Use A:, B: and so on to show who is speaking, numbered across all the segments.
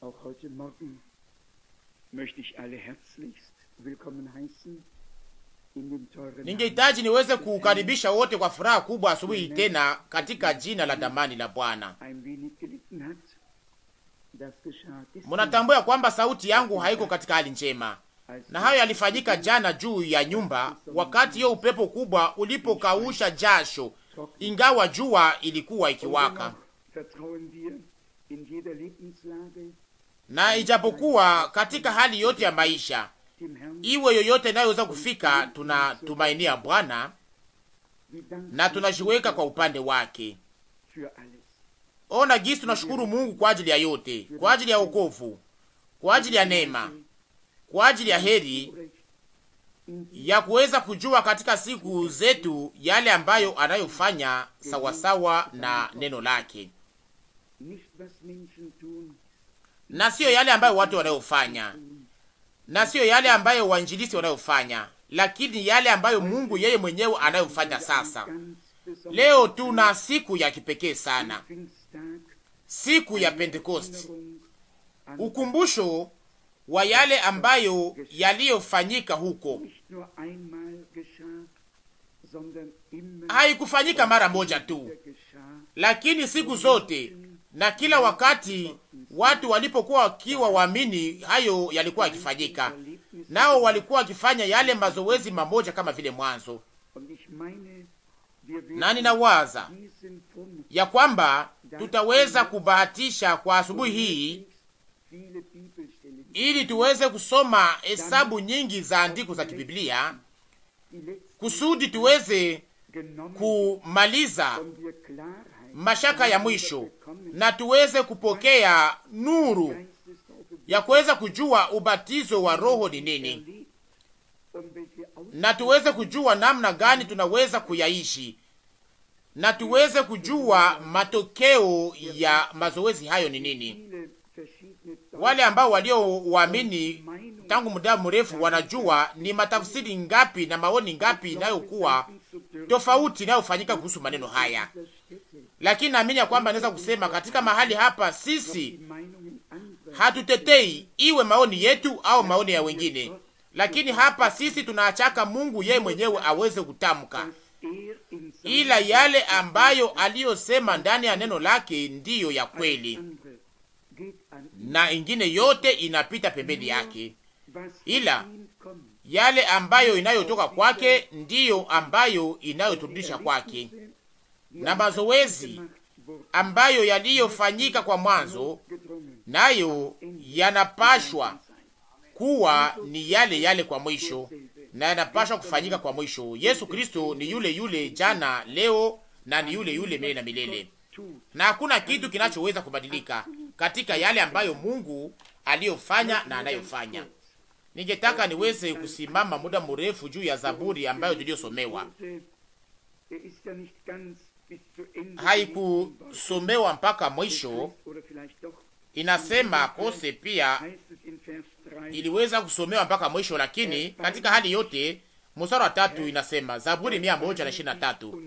A: Auch heute Morgen möchte ich alle herzlichst willkommen heißen. Ningehitaji niweze kukaribisha
B: wote kwa furaha kubwa asubuhi tena katika jina la damani la Bwana. Munatambua kwamba sauti yangu haiko er katika hali njema, na hayo yalifanyika jana juu ya nyumba, er wakati yo upepo kubwa ulipokausha jasho, ingawa jua ilikuwa ikiwaka na ijapokuwa katika hali yote ya maisha iwe yoyote inayoweza kufika, tunatumainia Bwana na tunajiweka kwa upande wake. Ona gisi tunashukuru Mungu kwa ajili ya yote, kwa ajili ya wokovu, kwa ajili ya neema, kwa ajili ya heri ya kuweza kujua katika siku zetu yale ambayo anayofanya sawasawa na neno lake na siyo yale ambayo watu wanayofanya, na siyo yale ambayo wainjilisi wanayofanya, lakini yale ambayo Mungu yeye mwenyewe anayofanya. Sasa leo tuna siku ya kipekee sana, siku ya Pentekoste, ukumbusho wa yale ambayo yaliyofanyika huko. Haikufanyika mara moja tu, lakini siku zote na kila wakati watu walipokuwa wakiwa waamini, hayo yalikuwa yakifanyika, nao walikuwa wakifanya yale mazoezi mamoja kama vile mwanzo.
A: Na ninawaza
B: ya kwamba tutaweza kubahatisha kwa asubuhi hii ili tuweze kusoma hesabu nyingi za andiko za kibiblia kusudi tuweze kumaliza mashaka ya mwisho, na tuweze kupokea nuru ya kuweza kujua ubatizo wa Roho ni nini, na tuweze kujua namna gani tunaweza kuyaishi, na tuweze kujua matokeo ya mazoezi hayo ni nini. Wale ambao waamini tangu muda mrefu wanajua ni matafsiri ngapi na maoni ngapi inayokuwa tofauti inayofanyika kuhusu maneno haya, lakini naamini ya kwamba naweza kusema katika mahali hapa, sisi hatutetei iwe maoni yetu au maoni ya wengine, lakini hapa sisi tunaachaka Mungu yeye mwenyewe aweze kutamka, ila yale ambayo aliyosema ndani ya neno lake ndiyo ya kweli na ingine yote inapita pembeni yake, ila yale ambayo inayotoka kwake ndiyo ambayo inayoturudisha kwake na mazoezi ambayo yaliyofanyika kwa mwanzo, nayo yanapashwa kuwa ni yale yale kwa mwisho na yanapashwa kufanyika kwa mwisho. Yesu Kristo ni yule yule jana, leo na ni yule yule milele na milele, na hakuna kitu kinachoweza kubadilika katika yale ambayo Mungu aliyofanya na anayofanya. Ningetaka niweze kusimama muda mrefu juu ya Zaburi ambayo tuliyosomewa haikusomewa mpaka mwisho. Inasema kose pia iliweza kusomewa mpaka mwisho, lakini katika hali yote, mstari wa tatu inasema Zaburi mia moja na ishirini na tatu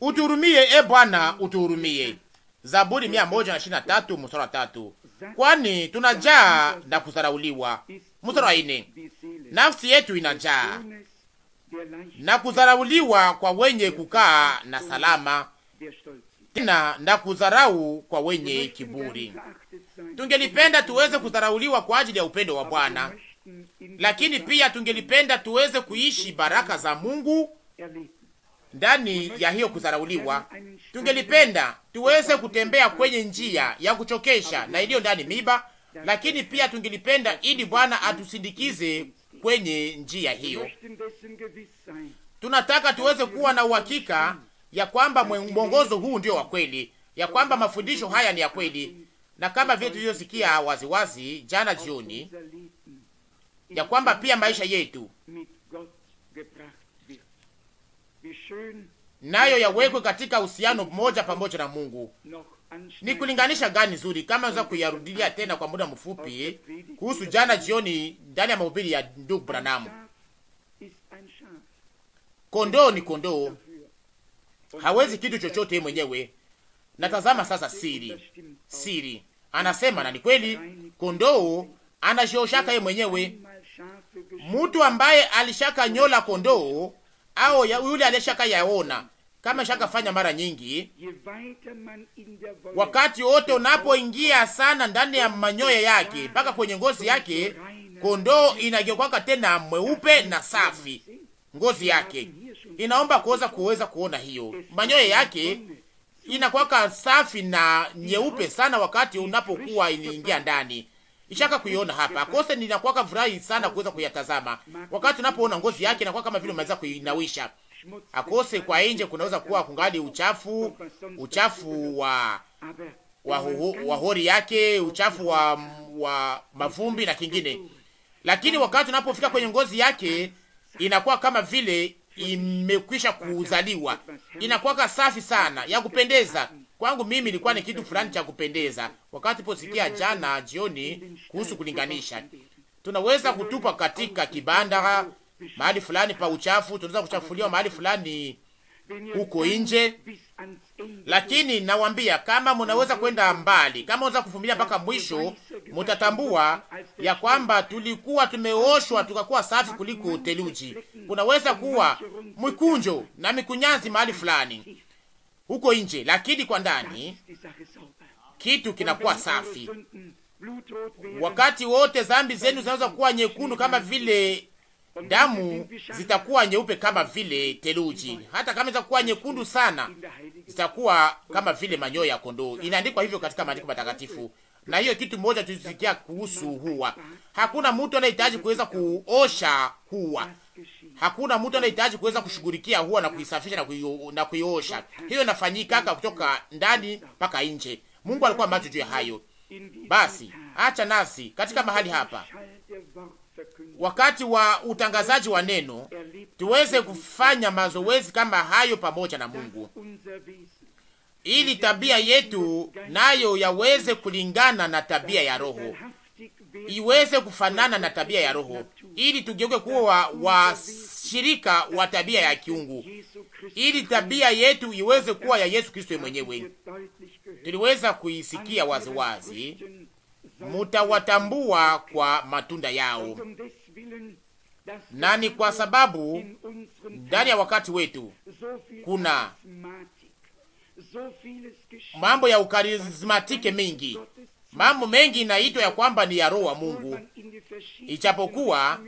B: utuhurumie e Bwana, utuhurumie. Zaburi mia moja na ishirini na tatu mstari wa tatu kwani tunajaa na kudharauliwa. Mstari wa ine nafsi yetu inajaa na kudharauliwa kwa wenye kukaa na salama, tena na kudharau kwa wenye kiburi. Tungelipenda tuweze kudharauliwa kwa ajili ya upendo wa Bwana, lakini pia tungelipenda tuweze kuishi baraka za Mungu ndani ya hiyo kudharauliwa. Tungelipenda tuweze kutembea kwenye njia ya kuchokesha na iliyo ndani miba, lakini pia tungelipenda ili Bwana atusindikize kwenye njia hiyo. Tunataka tuweze kuwa na uhakika ya kwamba mwongozo huu ndio wa kweli, ya kwamba mafundisho haya ni ya kweli, na kama vile tulivyosikia waziwazi jana jioni, ya kwamba pia maisha yetu nayo yawekwe katika uhusiano mmoja pamoja na Mungu ni kulinganisha gani nzuri, kama naweza kuyarudilia tena kwa muda mfupi, kuhusu jana jioni ndani ya mahubiri ya ndugu Branamu. Kondoo ni kondoo, hawezi kitu chochote yeye mwenyewe. Natazama sasa siri siri, anasema na ni kweli, kondoo anashioshaka yeye mwenyewe. Mtu ambaye alishaka nyola kondoo au yule alishaka yaona kama shakafanya mara nyingi. Wakati wote unapoingia sana ndani ya manyoya yake mpaka kwenye ngozi yake, kondoo inagekwaka tena mweupe na safi. Ngozi yake inaomba kuweza kuweza kuona hiyo, manyoya yake inakwaka safi na nyeupe sana, wakati unapokuwa iliingia ndani ishaka kuiona hapa kose, ninakwaka furahi sana kuweza kuyatazama. Wakati unapoona ngozi yake inakuwa kama vile umeweza kuinawisha akose kwa nje kunaweza kuwa kungali uchafu, uchafu wa
A: wa, ho, wa
B: hori yake, uchafu wa, wa mavumbi na kingine, lakini wakati unapofika kwenye ngozi yake inakuwa kama vile imekwisha kuzaliwa, inakuwa safi sana ya kupendeza. Kwangu mimi ilikuwa ni kitu fulani cha kupendeza. Wakati posikia jana jioni kuhusu kulinganisha, tunaweza kutupa katika kibanda mahali fulani pa uchafu, tunaweza kuchafuliwa mahali fulani huko nje, lakini nawambia, kama mnaweza kwenda mbali, kama unaweza kuvumilia mpaka mwisho, mtatambua ya kwamba tulikuwa tumeoshwa tukakuwa safi kuliko theluji. Kunaweza kuwa mwikunjo na mikunyanzi mahali fulani huko nje, lakini kwa ndani kitu kinakuwa safi. Wakati wote dhambi zenu zinaweza kuwa nyekundu kama vile damu zitakuwa nyeupe kama vile teluji, hata kama zitakuwa nyekundu sana, zitakuwa kama vile manyoya ya kondoo. Inaandikwa hivyo katika maandiko matakatifu. Na hiyo kitu moja tulisikia kuhusu huwa. hakuna mtu anayehitaji kuweza kuosha huwa, hakuna mtu anayehitaji kuweza kushughulikia huwa na kuisafisha na, kuyo, na kuiosha. Hiyo inafanyikaka kutoka ndani mpaka nje. Mungu alikuwa macho juu ya hayo. Basi acha nasi katika mahali hapa wakati wa utangazaji wa neno tuweze kufanya mazoezi kama hayo pamoja na Mungu, ili tabia yetu nayo yaweze kulingana na tabia ya Roho, iweze kufanana na tabia ya Roho, ili tugeuke kuwa washirika wa tabia ya kiungu, ili tabia yetu iweze kuwa ya Yesu Kristo mwenyewe. Tuliweza kuisikia waziwazi, mutawatambua kwa matunda yao na ni kwa sababu ndani ya wakati wetu kuna mambo ya ukarismatike mingi
A: mambo mengi inaitwa
B: ya kwamba ni ya roho wa Mungu, ichapokuwa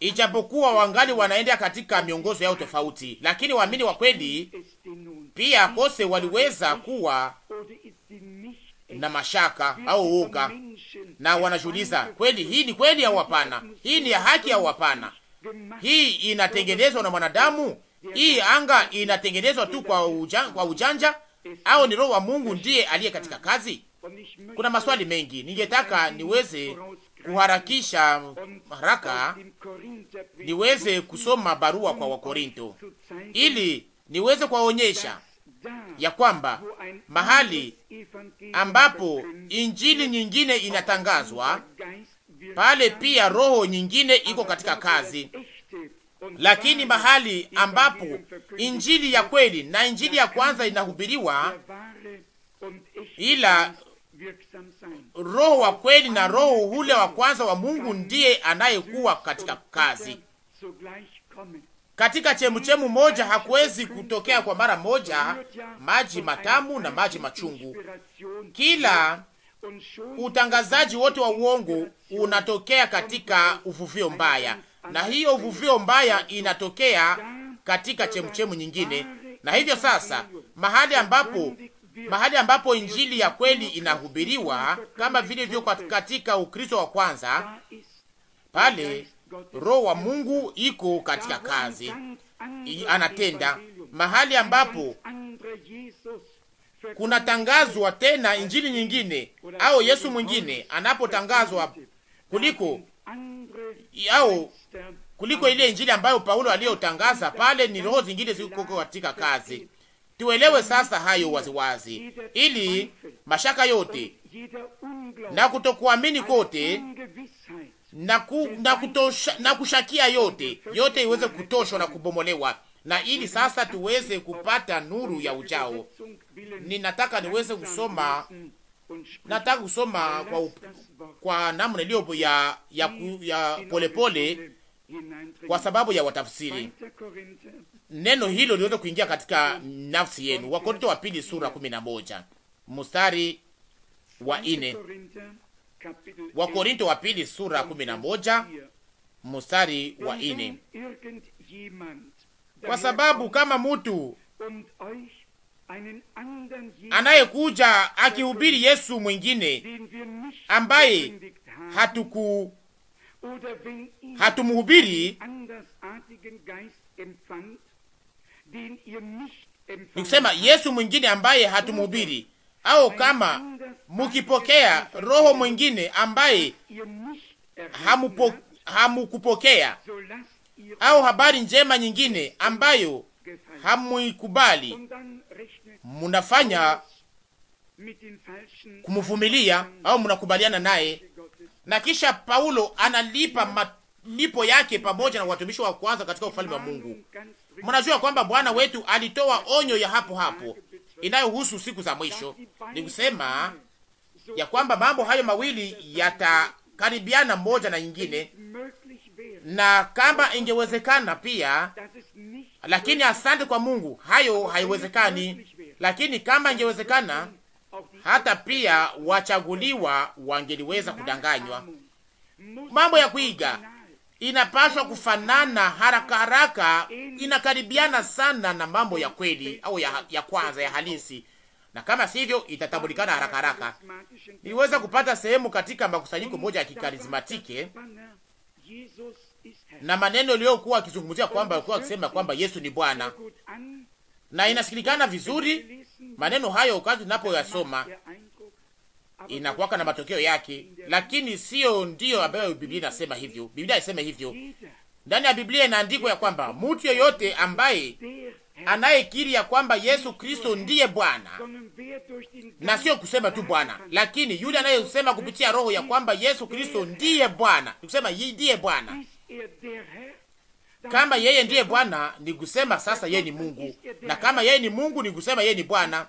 B: ijapokuwa wangali wanaenda katika miongozo yao tofauti, lakini waamini wa kweli pia kose waliweza kuwa na mashaka au uoga, na wanajiuliza kweli, hii ni kweli au hapana? Hii ni ya haki au hapana? Hii inatengenezwa na mwanadamu? Hii anga inatengenezwa tu kwa, uja, kwa ujanja au ni roho wa Mungu ndiye aliye katika kazi? Kuna maswali mengi ningetaka niweze kuharakisha haraka niweze kusoma barua kwa Wakorinto ili niweze kuwaonyesha ya kwamba mahali ambapo injili nyingine inatangazwa, pale pia roho nyingine iko katika kazi. Lakini mahali ambapo injili ya kweli na injili ya kwanza inahubiriwa, ila roho wa kweli na roho ule wa kwanza wa Mungu ndiye anayekuwa katika kazi katika chemuchemu moja hakuwezi kutokea kwa mara moja maji matamu na maji machungu. Kila utangazaji wote wa uongo unatokea katika uvuvio mbaya, na hiyo uvuvio mbaya inatokea katika chemuchemu nyingine. Na hivyo sasa, mahali ambapo mahali ambapo injili ya kweli inahubiriwa kama vile vilivyo katika Ukristo wa kwanza, pale Roho wa Mungu iko katika kazi, anatenda mahali ambapo kunatangazwa tena injili nyingine au Yesu mwingine anapotangazwa kuliko au kuliko ile injili ambayo Paulo aliyotangaza pale, ni roho zingine ziko katika kazi. Tuelewe sasa hayo waziwazi, ili mashaka yote na kutokuamini kote na, ku, na, kutosha, na kushakia yote yote iweze kutoshwa na kubomolewa, na ili sasa tuweze kupata nuru ya ujao. Ninataka niweze kusoma, nataka kusoma kwa, kwa namna iliyo ya ya polepole pole, kwa sababu ya watafsiri neno hilo liweze kuingia katika nafsi yenu. Wakorinto wa pili sura 11 mstari wa ine Wakorinto wa pili sura kumi na moja mstari wa ine. Kwa sababu kama mutu anayekuja akihubiri Yesu mwingine
A: ambaye
B: hatuku hatumhubiri nikusema Yesu mwingine ambaye hatumhubiri au kama mukipokea roho mwingine ambaye hamupo, hamukupokea au habari njema nyingine ambayo hamuikubali, munafanya kumvumilia au munakubaliana naye. Na kisha Paulo analipa malipo yake pamoja na watumishi wa kwanza katika ufalme wa Mungu. Mnajua kwamba Bwana wetu alitoa onyo ya hapo hapo inayohusu siku za mwisho. Ni kusema ya kwamba mambo hayo mawili yatakaribiana moja na nyingine, na kama ingewezekana pia, lakini asante kwa Mungu, hayo haiwezekani. Lakini kama ingewezekana, hata pia wachaguliwa wangeliweza kudanganywa. Mambo ya kuiga inapaswa kufanana haraka haraka, inakaribiana sana na mambo ya kweli au ya, ya kwanza ya halisi, na kama sivyo itatambulikana haraka haraka. Niliweza kupata sehemu katika makusanyiko moja ya kikarismatike na maneno iliyokuwa akizungumzia kwamba alikuwa akisema kwamba Yesu ni Bwana, na inasikilikana vizuri maneno hayo wakati yasoma inakuwaka na matokeo yake, lakini sio ndiyo ambayo Biblia inasema hivyo. Biblia inasema hivyo, ndani ya Biblia inaandikwa ya kwamba mtu yeyote ambaye anayekiri ya kwamba Yesu Kristo ndiye Bwana, na sio kusema tu Bwana, lakini yule anayesema kupitia Roho ya kwamba Yesu Kristo ndiye Bwana, nikusema yeye ndiye Bwana.
A: Kama yeye ndiye
B: Bwana, ni kusema sasa yeye ni Mungu, na kama yeye ni Mungu, ni kusema yeye ni Bwana.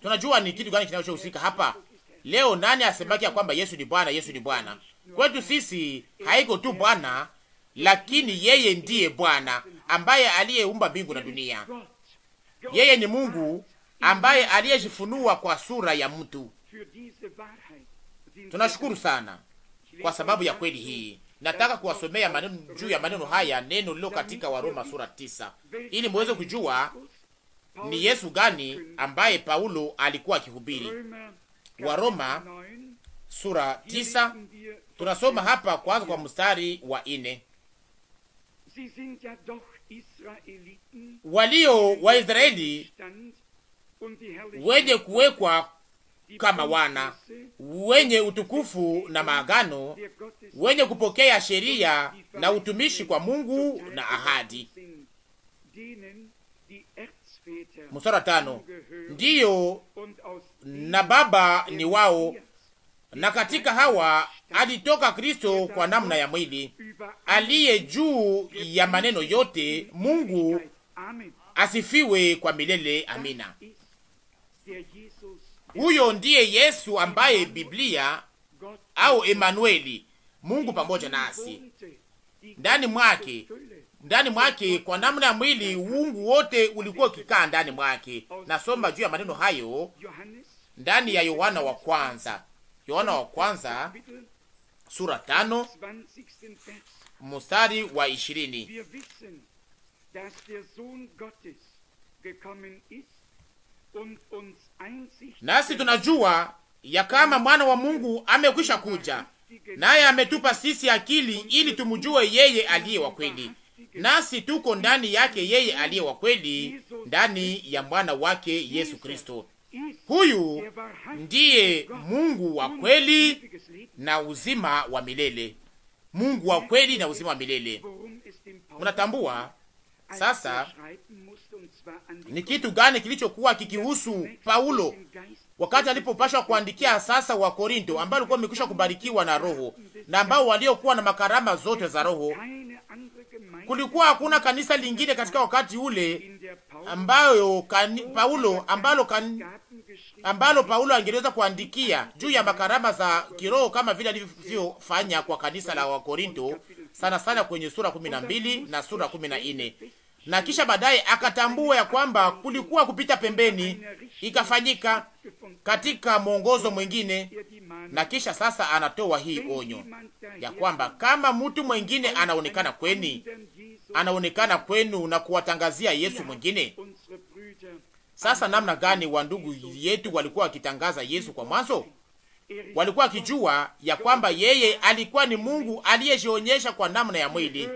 B: Tunajua ni kitu gani kinachohusika hapa leo. Nani asemaki ya kwamba Yesu ni Bwana? Yesu ni Bwana kwetu sisi, haiko tu Bwana lakini yeye ndiye Bwana ambaye aliyeumba mbingu na dunia. Yeye ni Mungu ambaye aliyejifunua kwa sura ya mtu. Tunashukuru sana kwa sababu ya kweli hii. Nataka kuwasomea maneno juu ya maneno haya, neno lilo katika Waroma sura tisa, ili muweze kujua ni Yesu gani ambaye Paulo alikuwa akihubiri. wa roma sura tisa tunasoma hapa kwanza kwa mstari wa ine walio Waisraeli wenye kuwekwa kama wana wenye utukufu na maagano wenye kupokea sheria na utumishi kwa Mungu na ahadi.
C: mstari tano,
B: ndiyo na baba ni wao, na katika hawa alitoka Kristo kwa namna ya mwili, aliye juu ya maneno yote. Mungu asifiwe kwa milele, amina. Huyo ndiye Yesu ambaye Biblia au Emanueli, Mungu pamoja nasi, ndani mwake ndani mwake kwa namna ya mwili, uungu wote ulikuwa ukikaa ndani mwake. Nasoma juu ya maneno hayo ndani ya Yohana wa kwanza, Yohana wa kwanza sura tano mstari wa ishirini.
A: Nasi tunajua
B: ya kama mwana wa Mungu amekwisha kuja, naye ametupa sisi akili ili tumjue yeye aliye wa kweli, nasi tuko ndani yake yeye aliye wa kweli, ndani ya mwana wake Yesu Kristo.
C: Huyu ndiye
B: Mungu wa kweli na uzima wa milele, Mungu wa kweli na uzima wa milele. Mnatambua sasa ni kitu gani kilichokuwa kikihusu Paulo wakati alipopashwa kuandikia sasa wa Korinto, ambao walikuwa wamekwisha kubarikiwa na Roho na ambao waliokuwa na makarama zote za Roho kulikuwa hakuna kanisa lingine katika wakati ule ambayo kan, Paulo ambalo kan, ambalo Paulo angeweza kuandikia juu ya makarama za kiroho kama vile alivyofanya kwa kanisa la Wakorinto, sana sana kwenye sura 12 na sura 14 na kisha baadaye akatambua ya kwamba kulikuwa kupita pembeni, ikafanyika katika mwongozo mwingine. Na kisha sasa anatoa hii onyo ya kwamba kama mtu mwingine anaonekana kweni anaonekana kwenu na kuwatangazia Yesu mwingine. Sasa namna gani wandugu yetu walikuwa wakitangaza Yesu kwa mwanzo? Walikuwa wakijua ya kwamba yeye alikuwa ni Mungu aliyejionyesha kwa namna ya mwili.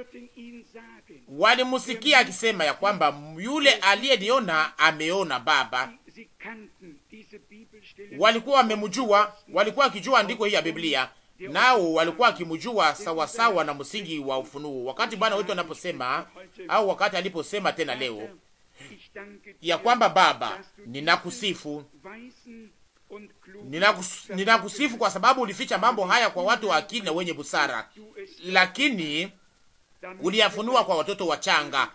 B: Walimusikia akisema ya kwamba yule aliyeniona ameona Baba. Walikuwa wamemjua, walikuwa wakijua andiko hii ya Biblia nao walikuwa wakimjua sawasawa na msingi wa ufunuo. Wakati Bwana wetu anaposema au wakati aliposema tena leo
A: ya kwamba Baba,
B: ninakusifu ninakusifu, nina kwa sababu ulificha mambo haya kwa watu wa akili na wenye busara, lakini uliyafunua kwa watoto wachanga.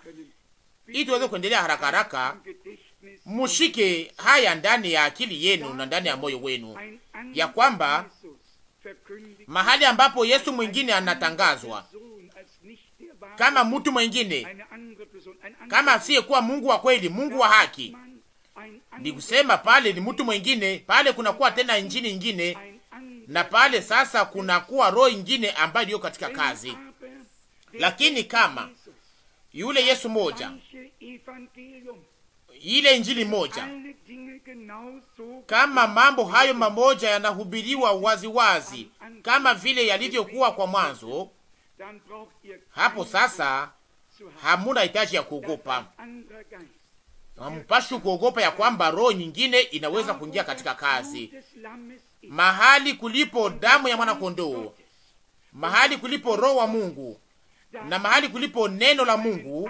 B: Ili tuweze kuendelea haraka haraka, mushike haya ndani ya akili yenu na ndani ya moyo wenu, ya kwamba mahali ambapo Yesu mwingine anatangazwa kama mtu mwingine, kama asiyekuwa Mungu wa kweli, Mungu wa haki. Ni kusema pale ni mtu mwingine, pale kunakuwa tena injili ingine, na pale sasa kunakuwa roho ingine ambayo iliyo katika kazi. Lakini kama yule Yesu moja, ile injili moja kama mambo hayo mamoja yanahubiriwa waziwazi kama vile yalivyokuwa kwa mwanzo, hapo sasa hamuna hitaji ya kuogopa. Hamupashi kuogopa ya kwamba roho nyingine inaweza kuingia katika kazi. Mahali kulipo damu ya mwanakondoo, mahali kulipo roho wa Mungu na mahali kulipo neno la Mungu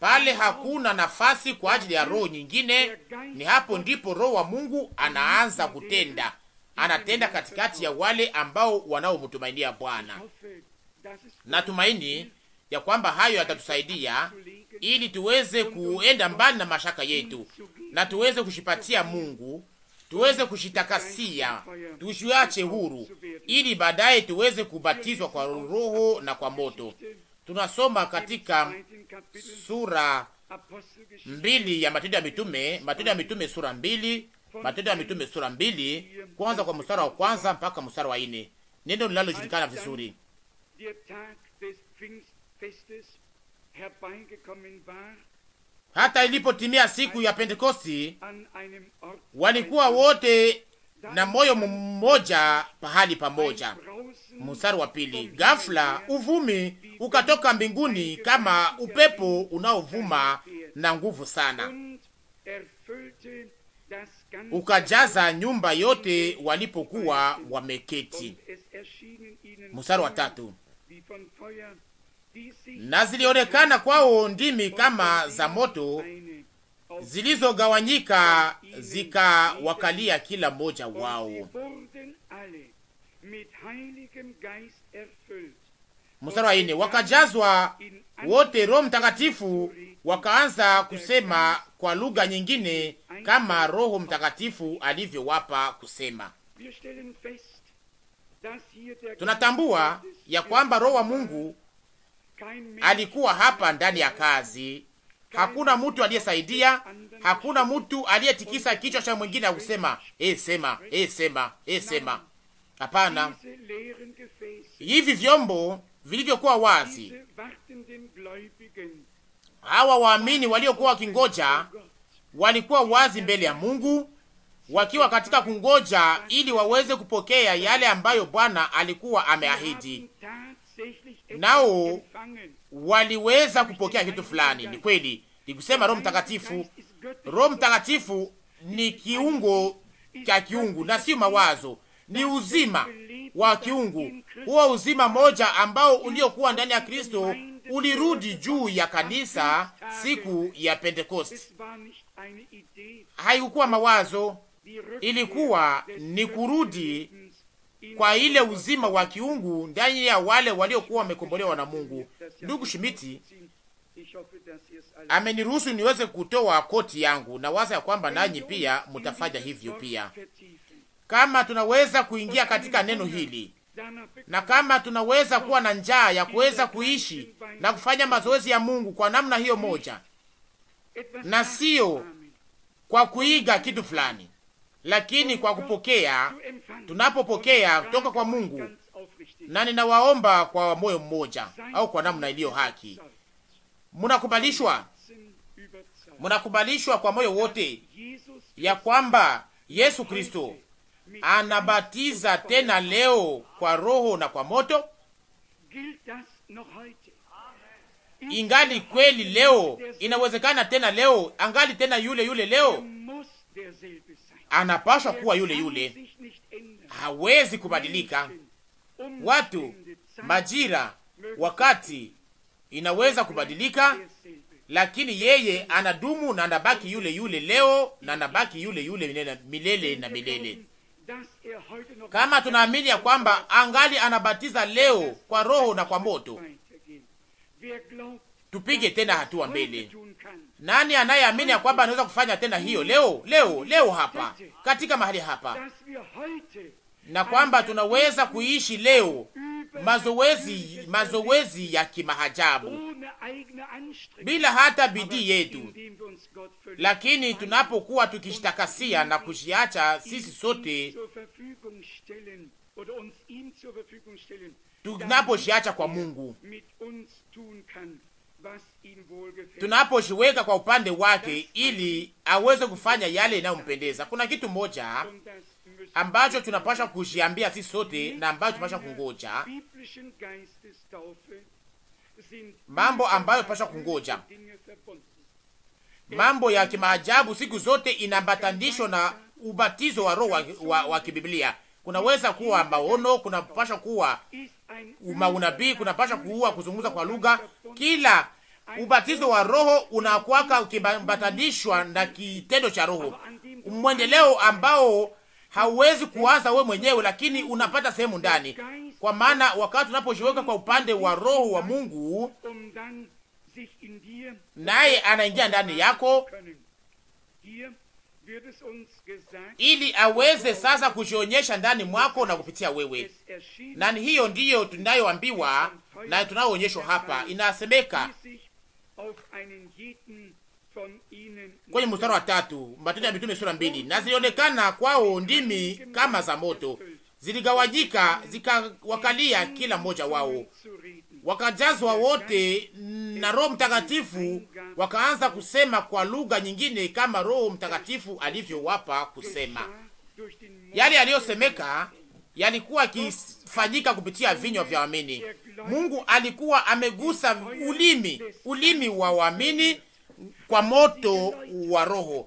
B: pale hakuna nafasi kwa ajili ya roho nyingine. Ni hapo ndipo roho wa Mungu anaanza kutenda, anatenda katikati ya wale ambao wanaomtumainia Bwana. Natumaini ya kwamba hayo yatatusaidia ili tuweze kuenda mbali na mashaka yetu na tuweze kushipatia Mungu, tuweze kushitakasia, tushiache huru, ili baadaye tuweze kubatizwa kwa roho na kwa moto tunasoma katika sura mbili ya Matendo ya Mitume, Matendo ya Mitume sura mbili, Matendo ya Mitume sura mbili, kwanza kwa mstari wa kwanza mpaka mstari wa nne, neno linalojulikana vizuri hata ilipotimia siku ya Pentekosti walikuwa wote na moyo mmoja pahali pamoja. Mstari wa pili, ghafla uvumi ukatoka mbinguni kama upepo unaovuma na nguvu sana, ukajaza nyumba yote walipokuwa wameketi. Mstari wa tatu, na zilionekana kwao ndimi kama za moto zilizogawanyika zikawakalia kila mmoja wao. Mstari wa wakajazwa wote Roho Mtakatifu, wakaanza kusema kwa lugha nyingine kama Roho Mtakatifu alivyowapa kusema.
A: Tunatambua
B: ya kwamba Roho wa Mungu alikuwa hapa ndani ya kazi hakuna mtu aliyesaidia, hakuna mtu aliyetikisa kichwa cha mwingine kusema e, sema e, sema e, sema. Hapana, hivi vyombo vilivyokuwa wazi, hawa waamini waliokuwa wakingoja walikuwa wazi mbele ya Mungu wakiwa katika kungoja ili waweze kupokea yale ambayo Bwana alikuwa ameahidi, nao waliweza kupokea kitu fulani. Ni kweli ni kusema Roho Mtakatifu. Roho Mtakatifu ni kiungo cha kiungu na sio mawazo, ni uzima wa kiungu. Huo uzima moja ambao uliokuwa ndani ya Kristo ulirudi juu ya kanisa siku ya pentekosti Haikukuwa mawazo, ilikuwa ni kurudi kwa ile uzima wa kiungu ndani ya wale waliokuwa wamekombolewa na Mungu. Ndugu Shimiti ameniruhusu niweze kutoa koti yangu na waza ya kwamba nanyi pia mtafanya hivyo pia, kama tunaweza kuingia katika neno hili na kama tunaweza kuwa na njaa ya kuweza kuishi na kufanya mazoezi ya Mungu kwa namna hiyo moja, na sio kwa kuiga kitu fulani lakini kwa kupokea, tunapopokea kutoka kwa Mungu. Na ninawaomba kwa moyo mmoja au kwa namna iliyo haki, munakubalishwa, munakubalishwa kwa moyo wote ya kwamba Yesu Kristo anabatiza tena leo kwa Roho na kwa moto. Ingali kweli leo, inawezekana tena leo, angali tena yule yule leo anapashwa kuwa yule yule, hawezi kubadilika. Um Watu, majira, wakati inaweza kubadilika, lakini yeye anadumu um na anabaki yule yule leo na anabaki yule yule milele na milele.
A: Er Kama tunaamini
B: ya kwamba angali anabatiza leo kwa er Roho na kwa moto, tupige tena hatua mbele. Nani anayeamini ya kwamba anaweza kufanya tena hiyo leo leo leo hapa katika mahali hapa, na kwamba tunaweza kuishi leo mazoezi mazoezi ya kimahajabu bila hata bidii yetu, lakini tunapokuwa tukishtakasia na kujiacha sisi sote tunapojiacha kwa Mungu tunapojiweka kwa upande wake ili aweze kufanya yale inayompendeza. Kuna kitu moja ambacho tunapasha kujiambia sisi sote na ambayo tunapasha kungoja,
A: mambo ambayo tunapasha kungoja,
B: mambo ya kimaajabu siku zote inambatanishwa na ubatizo wa roho wa, wa, wa kibiblia. Kunaweza kuwa maono, kunapasha kuwa maunabii, kunapasha kuwa kuzungumza kwa lugha, kila Ubatizo wa Roho unakwaka ukiambatanishwa na kitendo cha Roho, mwendeleo ambao hauwezi kuanza we mwenyewe, lakini unapata sehemu ndani, kwa maana wakati unapojiweka kwa upande wa Roho wa Mungu,
A: naye anaingia ndani yako
B: ili aweze sasa kujionyesha ndani mwako na kupitia wewe. Na hiyo ndiyo tunayoambiwa na tunayoonyeshwa hapa, inasemeka kwenye mstari wa tatu Matendo ya Mitume sura mbili. Na zilionekana kwao ndimi kama za moto ziligawanyika, zikawakalia kila mmoja wao, wakajazwa wote na Roho Mtakatifu, wakaanza kusema kwa lugha nyingine kama Roho Mtakatifu alivyowapa kusema. Yale yaliyosemeka yalikuwa kis fanyika kupitia vinywa vya waamini. Mungu alikuwa amegusa ulimi, ulimi wa waamini kwa moto wa Roho,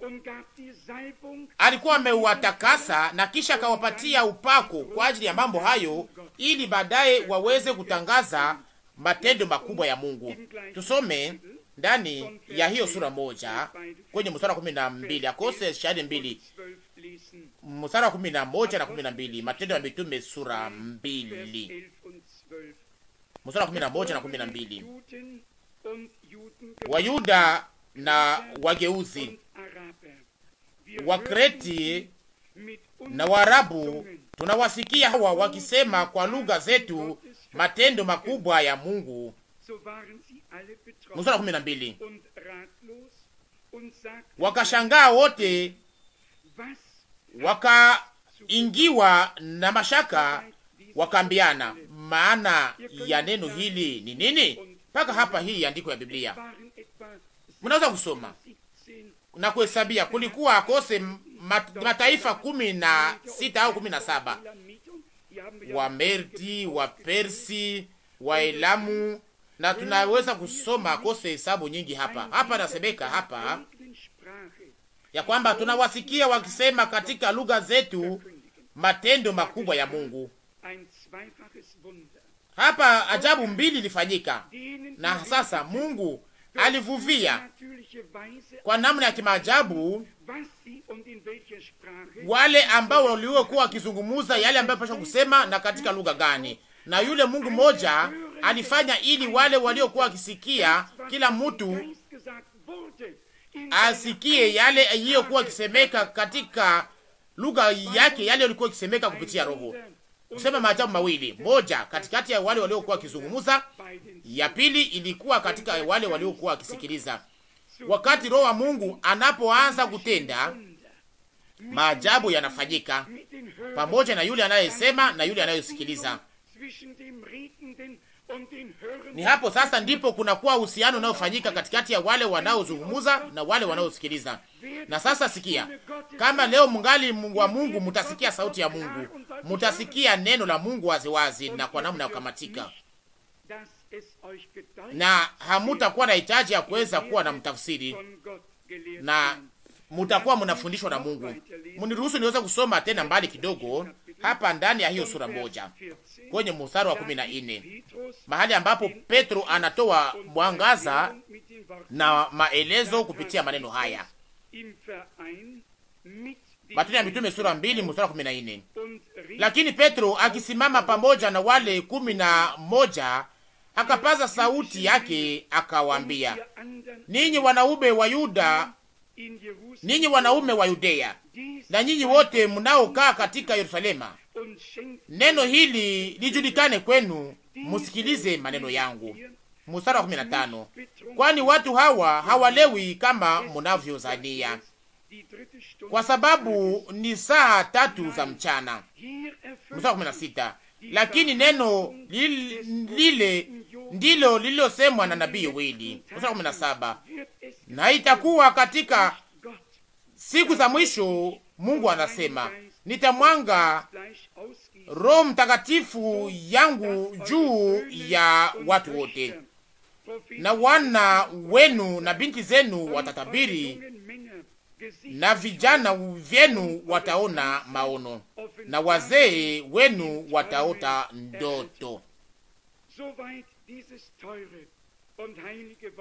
B: alikuwa amewatakasa na kisha akawapatia upako kwa ajili ya mambo hayo, ili baadaye waweze kutangaza matendo makubwa ya Mungu. Tusome ndani ya hiyo sura moja kwenye mstari wa kumi na mbili Akose shahidi mbili mstari wa kumi na moja na kumi na mbili Matendo ya Mitume sura mbili mstari wa kumi na moja na kumi na mbili
A: Wayuda
B: na wageuzi, Wakreti na Waarabu, tunawasikia hawa wakisema kwa lugha zetu matendo makubwa ya Mungu.
A: Mstari wa kumi na mbili
B: wakashangaa wote wakaingiwa na mashaka, wakaambiana maana ya neno hili ni nini? Mpaka hapa hii andiko ya Biblia mnaweza kusoma na kuhesabia. Kulikuwa akose mataifa kumi na sita au kumi na saba Wamerdi, Wapersi, Waelamu na tunaweza kusoma akose hesabu nyingi hapa hapa. Nasemeka hapa ya kwamba tunawasikia wakisema katika lugha zetu matendo makubwa ya Mungu. Hapa ajabu mbili ilifanyika,
A: na sasa
B: Mungu alivuvia kwa namna ya kimaajabu wale ambao waliokuwa wakizungumuza yale ambayo pasha kusema na katika lugha gani, na yule Mungu mmoja alifanya ili wale waliokuwa wakisikia, kila mtu asikie yale yaliyokuwa kisemeka katika lugha yake, yale yalikuwa kisemeka kupitia Roho. Kusema maajabu mawili, moja katikati ya wale waliokuwa wakizungumza, ya pili ilikuwa katika wale waliokuwa wakisikiliza. Wakati Roho wa Mungu anapoanza kutenda, maajabu yanafanyika pamoja na yule anayesema na yule anayesikiliza. Ni hapo sasa ndipo kunakuwa uhusiano unaofanyika katikati ya wale wanaozungumza na wale wanaosikiliza. Na sasa sikia, kama leo mngali wa Mungu, mtasikia sauti ya Mungu, mtasikia neno la Mungu waziwazi na kwa namna ya kukamatika, na hamutakuwa na hitaji ya kuweza kuwa na mtafsiri na mutakuwa mnafundishwa na Mungu. Mniruhusu niweze kusoma tena mbali kidogo hapa ndani ya hiyo sura moja kwenye mstari wa kumi na nne mahali ambapo Petro anatoa mwangaza na maelezo kupitia maneno haya,
A: Matendo ya Mitume sura
B: mbili mstari wa kumi na nne
A: lakini Petro
B: akisimama pamoja na wale kumi na moja akapaza sauti yake akawambia, ninyi wanaume wa Yuda ninyi wanaume wa Yudea na nyinyi wote mnaokaa katika Yerusalema, neno hili lijulikane kwenu, musikilize maneno yangu. Mstari wa 15, kwani watu hawa hawalewi kama munavyozania, kwa sababu ni saa tatu za mchana. Mstari wa 16, lakini neno lile ndilo lililosemwa na nabii Yoeli kumi na saba, na itakuwa katika siku za mwisho, Mungu anasema nitamwanga Roho Mtakatifu yangu juu ya watu wote, na wana wenu na binti zenu watatabiri, na vijana vyenu wataona maono, na wazee wenu wataota ndoto.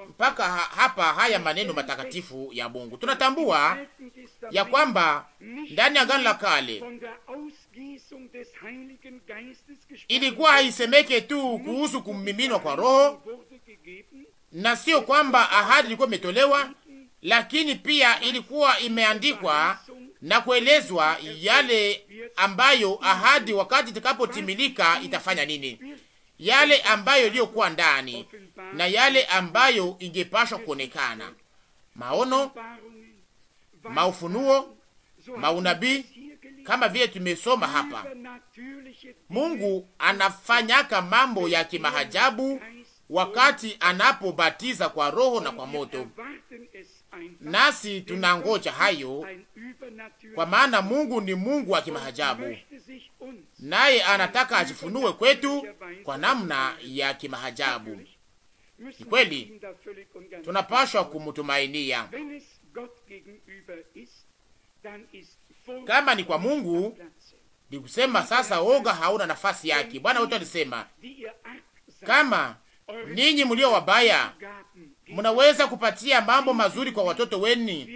B: Mpaka hapa haya maneno matakatifu ya Mungu, tunatambua
A: ya kwamba ndani ya Agano la Kale ilikuwa
B: haisemeke tu kuhusu kumiminwa kwa Roho, na sio kwamba ahadi ilikuwa imetolewa, lakini pia ilikuwa imeandikwa na kuelezwa yale ambayo ahadi wakati itakapotimilika itafanya nini yale ambayo iliyokuwa ndani na yale ambayo ingepashwa kuonekana: maono, maufunuo, maunabii, kama vile tumesoma hapa. Mungu anafanyaka mambo ya kimahajabu wakati anapobatiza kwa Roho na kwa moto, nasi tunangoja hayo, kwa maana Mungu ni Mungu wa kimahajabu naye anataka ajifunue kwetu kwa namna ya kimahajabu.
A: Ni kweli
B: tunapashwa kumtumainia.
A: Kama ni kwa Mungu,
B: ni kusema sasa oga hauna nafasi yake. Bwana wetu alisema, kama ninyi mlio wabaya Mnaweza kupatia mambo mazuri kwa watoto wenu,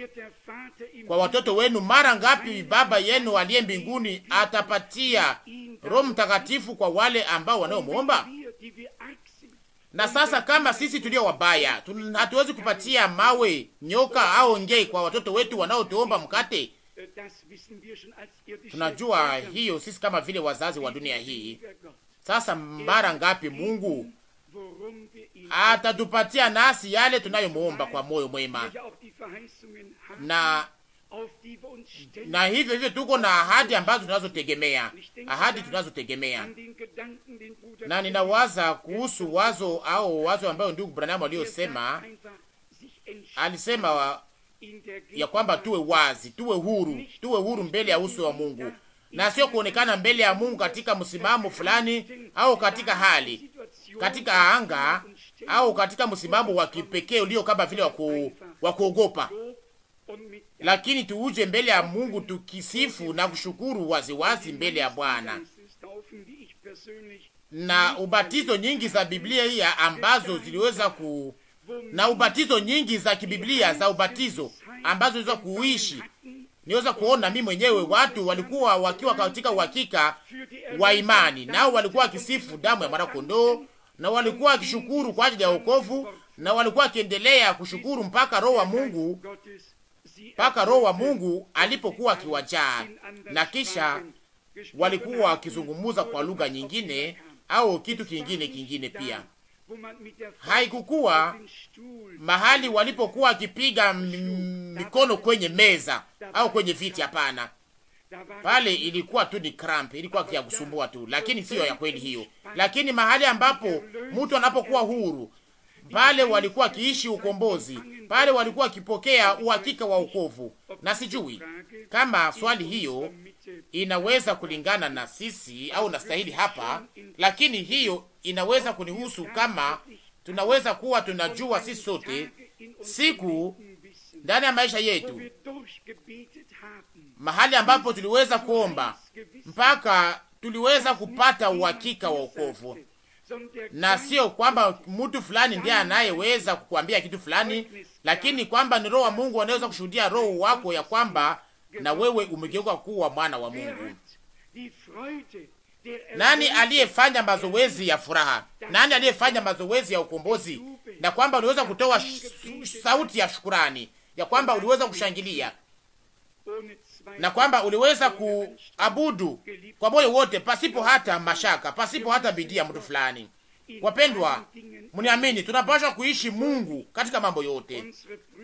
B: kwa watoto wenu. Mara ngapi baba yenu aliye mbinguni atapatia Roho Mtakatifu kwa wale ambao wanaomwomba? Na sasa kama sisi tulio wabaya hatuwezi kupatia mawe, nyoka au ngei kwa watoto wetu wanaotuomba mkate,
C: tunajua
B: hiyo sisi kama vile wazazi wa dunia hii. Sasa mara ngapi Mungu atatupatia nasi yale tunayomwomba kwa moyo mwema, na na hivyo hivyo tuko na ahadi ambazo tunazotegemea, ahadi tunazotegemea. Na ninawaza kuhusu wazo au wazo ambayo ndugu Branamu aliyosema, alisema ya kwamba tuwe wazi, tuwe huru, tuwe huru mbele ya uso wa Mungu na sio kuonekana mbele ya Mungu katika msimamo fulani au katika hali, katika anga au katika msimamo wa kipekee ulio kama vile wa kuogopa, lakini tuuje mbele ya Mungu tukisifu na kushukuru waziwazi wazi mbele ya Bwana na ubatizo nyingi za Biblia hii ambazo ziliweza ku na ubatizo nyingi za kibiblia za ubatizo ambazo ziliweza kuishi. Niweza kuona mimi mwenyewe watu walikuwa wakiwa katika uhakika
C: wa imani,
B: nao walikuwa wakisifu damu ya mwana kondoo na walikuwa wakishukuru kwa ajili ya wokovu, na walikuwa wakiendelea kushukuru mpaka roho wa Mungu mpaka roho wa Mungu alipokuwa akiwajaa, na kisha walikuwa wakizungumuza kwa lugha nyingine au kitu kingine kingine pia. Haikukuwa mahali walipokuwa wakipiga mikono kwenye meza au kwenye viti, hapana pale ilikuwa tu ni cramp, ilikuwa ya kusumbua tu, lakini siyo ya kweli hiyo. Lakini mahali ambapo mtu anapokuwa huru, pale walikuwa kiishi ukombozi, pale walikuwa akipokea uhakika wa ukovu Na sijui kama swali hiyo inaweza kulingana na sisi au nastahili hapa, lakini hiyo inaweza kunihusu kama tunaweza kuwa tunajua sisi sote siku ndani ya maisha yetu mahali ambapo tuliweza kuomba mpaka tuliweza kupata uhakika wa wokovu, na sio kwamba mtu fulani ndiye anayeweza kukuambia kitu fulani, lakini kwamba ni Roho wa Mungu anaweza kushuhudia roho wako ya kwamba na wewe umegeuka kuwa mwana wa Mungu.
C: Nani aliyefanya
B: mazoezi ya furaha? Nani aliyefanya mazoezi ya ukombozi? Na kwamba uliweza kutoa sauti ya shukurani, ya kwamba uliweza kushangilia na kwamba uliweza kuabudu kwa moyo wote pasipo hata mashaka, pasipo hata bidii ya mtu fulani. Wapendwa, mniamini, tunapaswa kuishi Mungu katika mambo yote,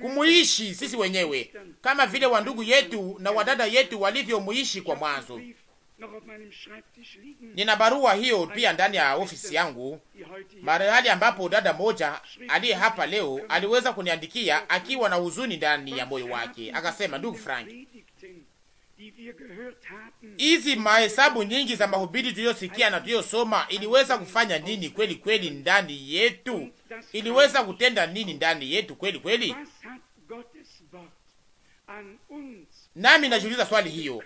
B: kumuishi sisi wenyewe kama vile wandugu yetu na wadada yetu walivyomuishi kwa mwanzo. Nina barua hiyo pia ndani ya ofisi yangu, mahali ambapo dada moja aliye hapa leo aliweza kuniandikia akiwa na huzuni ndani ya moyo wake, akasema, ndugu Frank, Hizi mahesabu nyingi za mahubiri tuliyosikia na tuliyosoma iliweza kufanya nini kweli kweli ndani yetu? Iliweza kutenda nini ndani yetu kweli kweli? Nami najiuliza swali hiyo,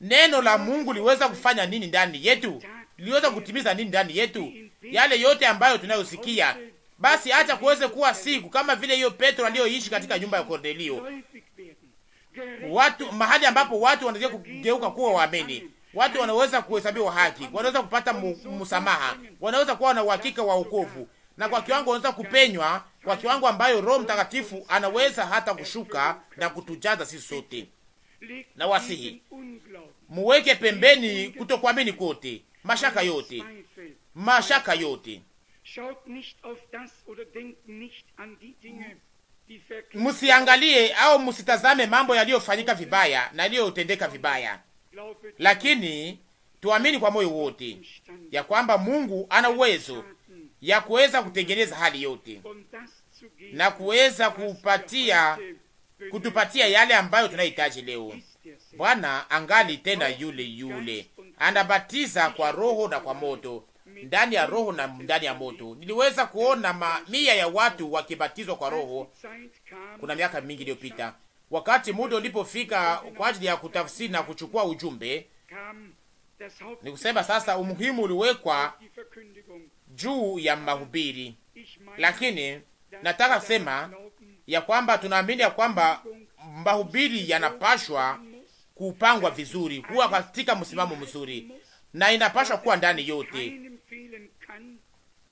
B: neno la Mungu liweza kufanya nini ndani yetu? Liweza kutimiza nini ndani yetu? Yale yote ambayo tunayosikia basi, acha kuweze kuwa siku kama vile hiyo Petro aliyoishi katika nyumba ya Kornelio watu mahali ambapo watu wanaweza kugeuka kuwa waamini, watu wanaweza kuhesabiwa haki, wanaweza kupata msamaha, wanaweza kuwa na uhakika wa wokovu, na kwa kiwango wanaweza kupenywa kwa kiwango ambayo Roho Mtakatifu anaweza hata kushuka na kutujaza sisi sote. Na wasihi muweke pembeni kutokuamini kote, mashaka yote, mashaka yote
A: musiangalie
B: au musitazame mambo yaliyofanyika vibaya na yaliyotendeka vibaya, lakini tuamini kwa moyo wote ya kwamba Mungu ana uwezo ya kuweza kutengeneza hali yote na kuweza kupatia kutupatia yale ambayo tunahitaji leo. Bwana angali tena yule yule, anabatiza kwa Roho na kwa moto, ndani ya roho na ndani ya moto. Niliweza kuona mamia ya watu wakibatizwa kwa roho kuna miaka mingi iliyopita, wakati muda ulipofika kwa ajili ya kutafsiri na kuchukua ujumbe. Ni kusema sasa umuhimu uliwekwa juu ya mahubiri, lakini nataka kusema ya kwamba tunaamini ya kwamba mahubiri yanapashwa kupangwa vizuri, kuwa katika msimamo mzuri, na inapashwa kuwa ndani yote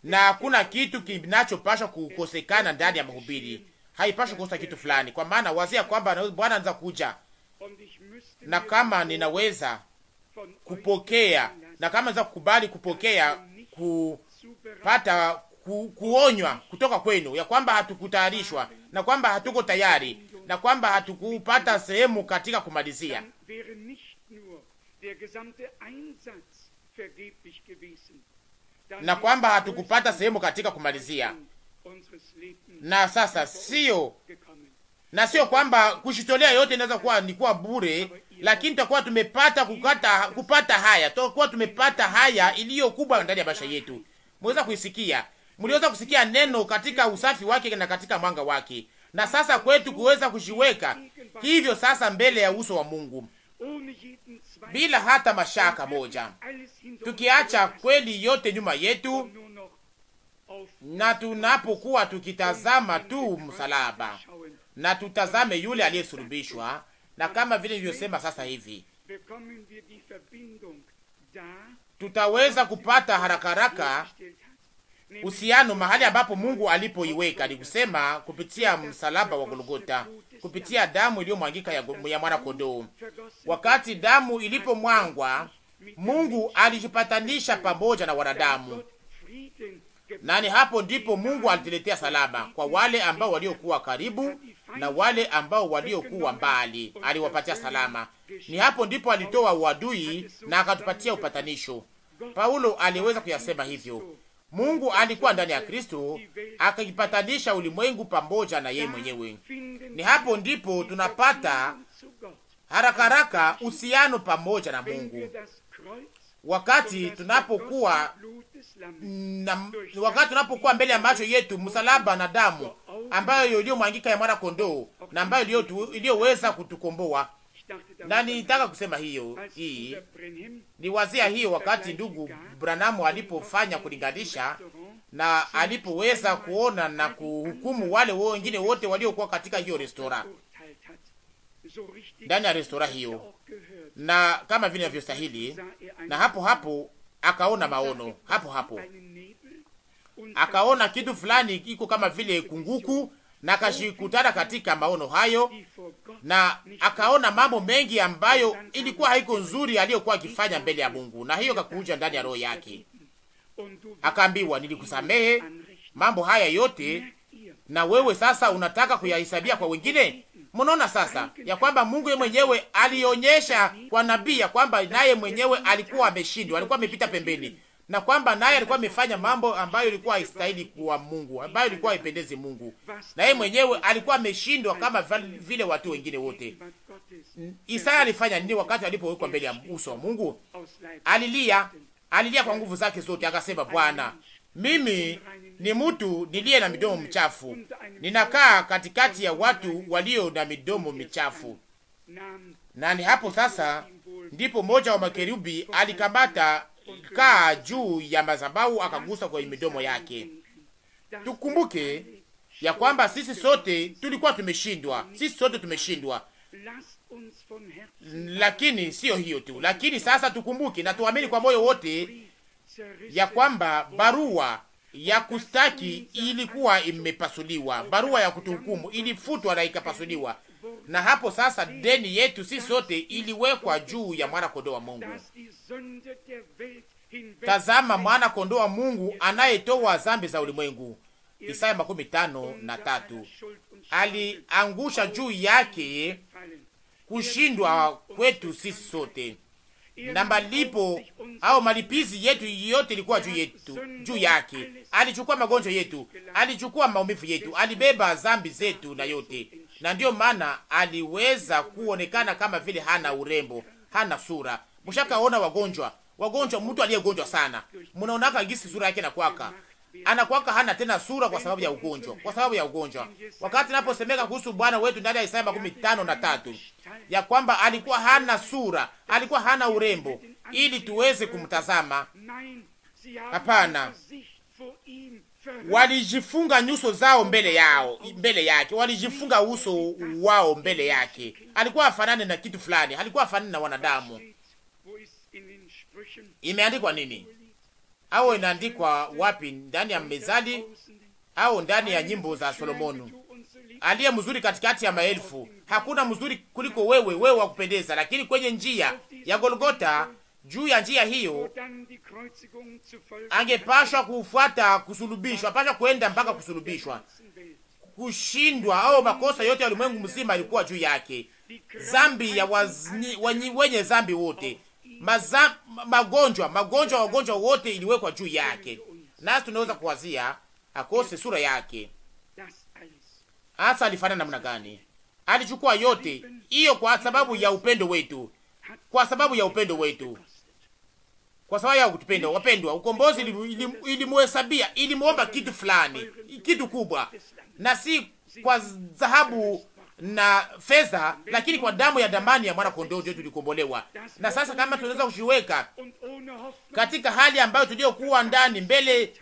B: na hakuna kitu kinachopashwa kukosekana ndani ya mahubiri. Haipashwa kukosa kitu fulani, kwa maana wazia kwamba Bwana anaweza kuja, na kama ninaweza kupokea, na kama naweza kukubali kupokea kupata ku, kuonywa kutoka kwenu ya kwamba hatukutayarishwa na kwamba hatuko tayari na kwamba hatukupata sehemu katika kumalizia
A: na kwamba hatukupata
B: sehemu katika kumalizia. Na sasa sio na sio kwamba kushitolea yote inaweza kuwa ni kuwa bure, lakini tutakuwa tumepata kukata kupata haya, tutakuwa tumepata haya iliyo kubwa ndani ya maisha yetu. Mweza kuisikia, mliweza kusikia neno katika usafi wake na katika mwanga wake, na sasa kwetu kuweza kujiweka hivyo sasa mbele ya uso wa Mungu bila hata mashaka moja,
A: tukiacha
B: kweli yote nyuma yetu na tunapokuwa tukitazama tu msalaba na tutazame yule aliyesulubishwa, na kama vile nilivyosema sasa hivi tutaweza kupata haraka haraka uhusiano mahali ambapo Mungu alipoiweka ni kusema kupitia msalaba wa Golgota, kupitia damu iliyomwangika ya, ya mwana kondoo. Wakati damu ilipomwangwa, Mungu alijipatanisha pamoja na wanadamu, nani hapo ndipo Mungu alituletea salama kwa wale ambao waliokuwa karibu na wale ambao waliokuwa mbali, aliwapatia salama. Ni hapo ndipo alitoa uadui na akatupatia upatanisho. Paulo aliweza kuyasema hivyo Mungu alikuwa ndani ya Kristo akajipatanisha ulimwengu pamoja na yeye mwenyewe. Ni hapo ndipo tunapata haraka haraka uhusiano pamoja na Mungu wakati tunapokuwa na, wakati tunapokuwa mbele ya macho yetu msalaba na damu ambayo iliyomwangika ya mwana kondoo na ambayo iliyoweza kutukomboa na nitaka kusema hiyo hii ni wazia hiyo, wakati ndugu Branamu alipofanya kulinganisha na alipoweza kuona na kuhukumu wale wengine wote waliokuwa katika hiyo restora,
C: ndani ya restora
B: hiyo, na kama vile inavyostahili, na hapo hapo akaona maono, hapo hapo akaona kitu fulani iko kama vile kunguku na akashikutana katika maono hayo, na akaona mambo mengi ambayo ilikuwa haiko nzuri aliyokuwa akifanya mbele ya Mungu, na hiyo kakuja ndani ya roho yake. Akaambiwa, nilikusamehe mambo haya yote, na wewe sasa unataka kuyahesabia kwa wengine. Mnaona sasa ya kwamba Mungu ye mwenyewe alionyesha kwa nabii ya kwamba naye mwenyewe alikuwa ameshindwa, alikuwa amepita pembeni, na kwamba naye alikuwa amefanya mambo ambayo ilikuwa haistahili kuwa Mungu, ambayo ilikuwa haipendezi Mungu, na yeye mwenyewe alikuwa ameshindwa kama vile watu wengine wote. Isaya alifanya nini wakati alipowekwa mbele ya uso wa Mungu? Alilia, alilia kwa nguvu zake zote, akasema, Bwana, mimi ni mtu niliye na midomo michafu, ninakaa katikati ya watu walio na midomo michafu. Na ni hapo sasa ndipo mmoja wa makerubi alikamata kaa juu ya mazabau akagusa kwenye midomo yake. Tukumbuke ya kwamba sisi sote tulikuwa tumeshindwa, sisi sote tumeshindwa, lakini siyo hiyo tu, lakini sasa tukumbuke na tuamini kwa moyo wote ya kwamba barua ya kustaki ilikuwa imepasuliwa, barua ya kutuhukumu ilifutwa na ikapasuliwa, na hapo sasa deni yetu si sote iliwekwa juu ya mwana kondoo wa Mungu. Tazama mwana kondoo wa Mungu anayetoa zambi za ulimwengu. Isaya makumi tano na tatu. Aliangusha juu yake kushindwa kwetu sisi sote na malipo au malipizi yetu yote ilikuwa juu yetu, juu yake. Alichukua magonjwa yetu, alichukua maumivu yetu, alibeba zambi zetu na yote, na ndiyo maana aliweza kuonekana kama vile hana urembo, hana sura. Mshakaona wagonjwa Wagonjwa, mtu aliyegonjwa sana, mnaonaka gisi sura yake nakwaka anakwaka hana tena sura kwa sababu ya ugonjwa, kwa sababu ya ugonjwa. Wakati naposemeka kuhusu Bwana wetu ndani ya Isaya makumi tano na tatu ya kwamba alikuwa hana sura, alikuwa hana urembo ili tuweze kumtazama. Hapana, walijifunga nyuso zao mbele yao, mbele yake, walijifunga uso wao mbele yake. Alikuwa afanane na kitu fulani, alikuwa afanane na wanadamu imeandikwa nini au inaandikwa wapi? Ndani ya Mezali au ndani ya nyimbo za Solomoni? Aliye mzuri katikati ya maelfu, hakuna mzuri kuliko wewe, wewe wa kupendeza. Lakini kwenye njia ya Golgota, juu ya njia hiyo, angepashwa kufuata kusulubishwa, pasha kuenda mpaka kusulubishwa. Kushindwa au makosa yote ya ulimwengu mzima ilikuwa juu yake, zambi ya wazni, wenye zambi wote maza, magonjwa magonjwa wagonjwa wote iliwekwa juu yake, nasi tunaweza kuwazia akose sura yake hasa alifanana namna gani? Alichukua yote hiyo kwa sababu ya upendo wetu, kwa sababu ya upendo wetu, kwa sababu ya kutupenda. Wapendwa, ukombozi ilimuhesabia, ilimuomba kitu fulani, kitu kubwa, na si kwa dhahabu na fedha, lakini kwa damu ya damani ya mwana kondoo ndio tulikombolewa. Na sasa kama tunaweza kujiweka katika hali ambayo tuliyokuwa ndani mbele,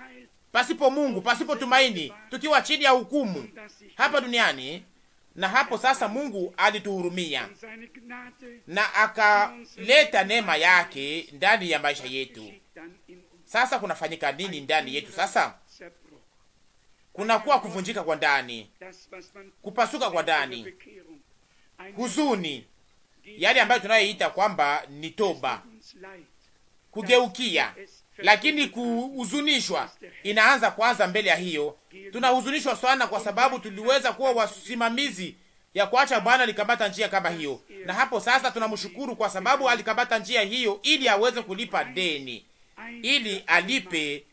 B: pasipo Mungu, pasipo tumaini, tukiwa chini ya hukumu hapa duniani, na hapo sasa Mungu alituhurumia na akaleta neema yake ndani ya maisha yetu. Sasa kunafanyika nini ndani yetu sasa? kunakuwa kuvunjika kwa ndani, kupasuka kwa ndani, huzuni, yale ambayo tunayoita kwamba ni toba, kugeukia. Lakini kuhuzunishwa inaanza kwanza mbele ya hiyo. Tunahuzunishwa sana kwa sababu tuliweza kuwa wasimamizi ya kuacha Bwana alikamata njia kama hiyo, na hapo sasa tunamshukuru kwa sababu alikamata njia hiyo ili aweze kulipa deni, ili alipe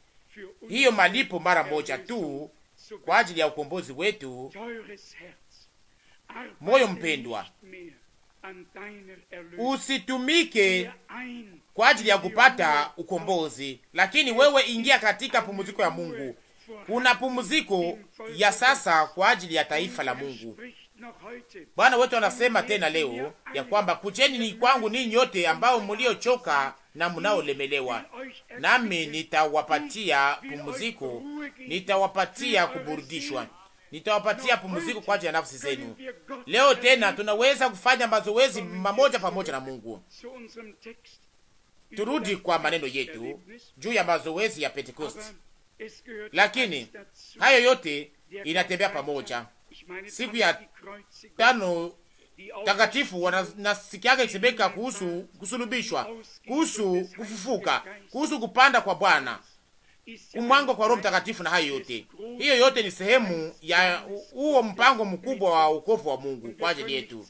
B: hiyo malipo mara moja tu kwa ajili ya ukombozi wetu. Moyo mpendwa, usitumike kwa ajili ya kupata ukombozi, lakini wewe ingia katika pumziko ya Mungu. Kuna pumziko ya sasa kwa ajili ya taifa la Mungu. Bwana wetu anasema tena leo ya kwamba kujeni ni kwangu ninyi nyote ambao mliochoka na mnaolemelewa, nami nitawapatia pumziko, nitawapatia kuburudishwa, nitawapatia pumziko kwa ajili ya nafsi zenu. Leo tena tunaweza kufanya mazoezi mamoja pamoja na Mungu. Turudi kwa maneno yetu juu ya mazoezi ya Pentekoste, lakini hayo yote inatembea pamoja siku ya tano takatifu wanasikiaka ikisemeka kuhusu kusulubishwa, kuhusu kufufuka, kuhusu kupanda kwa Bwana, kumwangwa kwa Roho Mtakatifu na hayo yote. Hiyo yote ni sehemu ya huo mpango mkubwa wa ukovu wa Mungu kwa ajili yetu.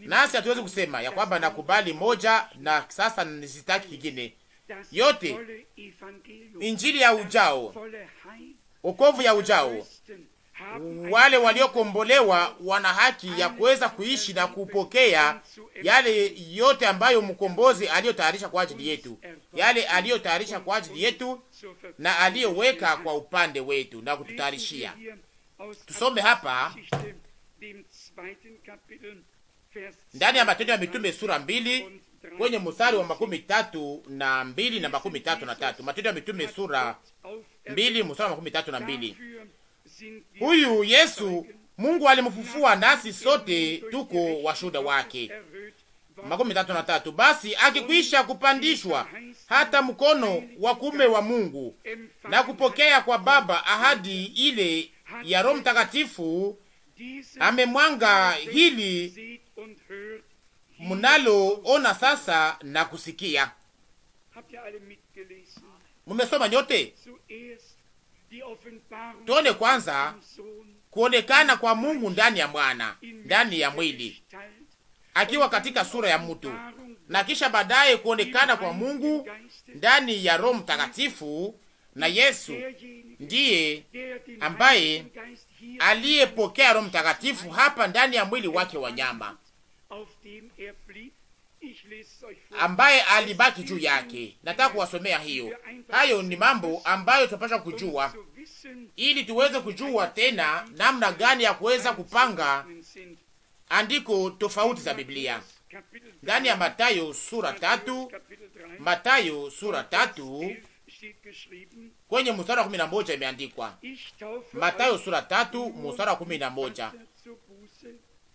B: Nasi hatuwezi kusema ya kwamba nakubali moja na sasa nisitaki kingine.
A: Yote injili ya ujao,
B: ukovu ya ujao wale waliokombolewa wana haki ya kuweza kuishi na kupokea yale yote ambayo mkombozi aliyotayarisha kwa ajili yetu, yale aliyotayarisha kwa ajili yetu na aliyoweka kwa upande wetu na kututayarishia. Tusome hapa ndani ya Matendo ya Mitume sura mbili kwenye mstari wa makumi tatu na mbili na makumi tatu na tatu Matendo ya Mitume sura mbili mstari wa makumi tatu na mbili Huyu Yesu Mungu alimfufua, nasi sote tuko washuhuda wake. Makumi tatu na tatu. Basi akikwisha kupandishwa hata mkono wa kume wa Mungu na kupokea kwa Baba ahadi ile ya Roho Mtakatifu,
A: amemwanga hili
B: mnaloona sasa na kusikia. Mumesoma nyote Tuone kwanza kuonekana kwa Mungu ndani ya mwana, ndani ya mwili, akiwa katika sura ya mtu, na kisha baadaye kuonekana kwa Mungu ndani ya Roho Mtakatifu. Na Yesu ndiye ambaye aliyepokea Roho Mtakatifu hapa ndani ya mwili wake wa nyama ambaye alibaki juu yake. Nataka kuwasomea hiyo. Hayo ni mambo ambayo tunapaswa kujua, ili tuweze kujua tena namna gani ya kuweza kupanga andiko tofauti za Biblia ndani ya Matayo sura tatu, Matayo sura tatu kwenye mstari wa kumi na moja imeandikwa, Matayo sura tatu mstari wa kumi na moja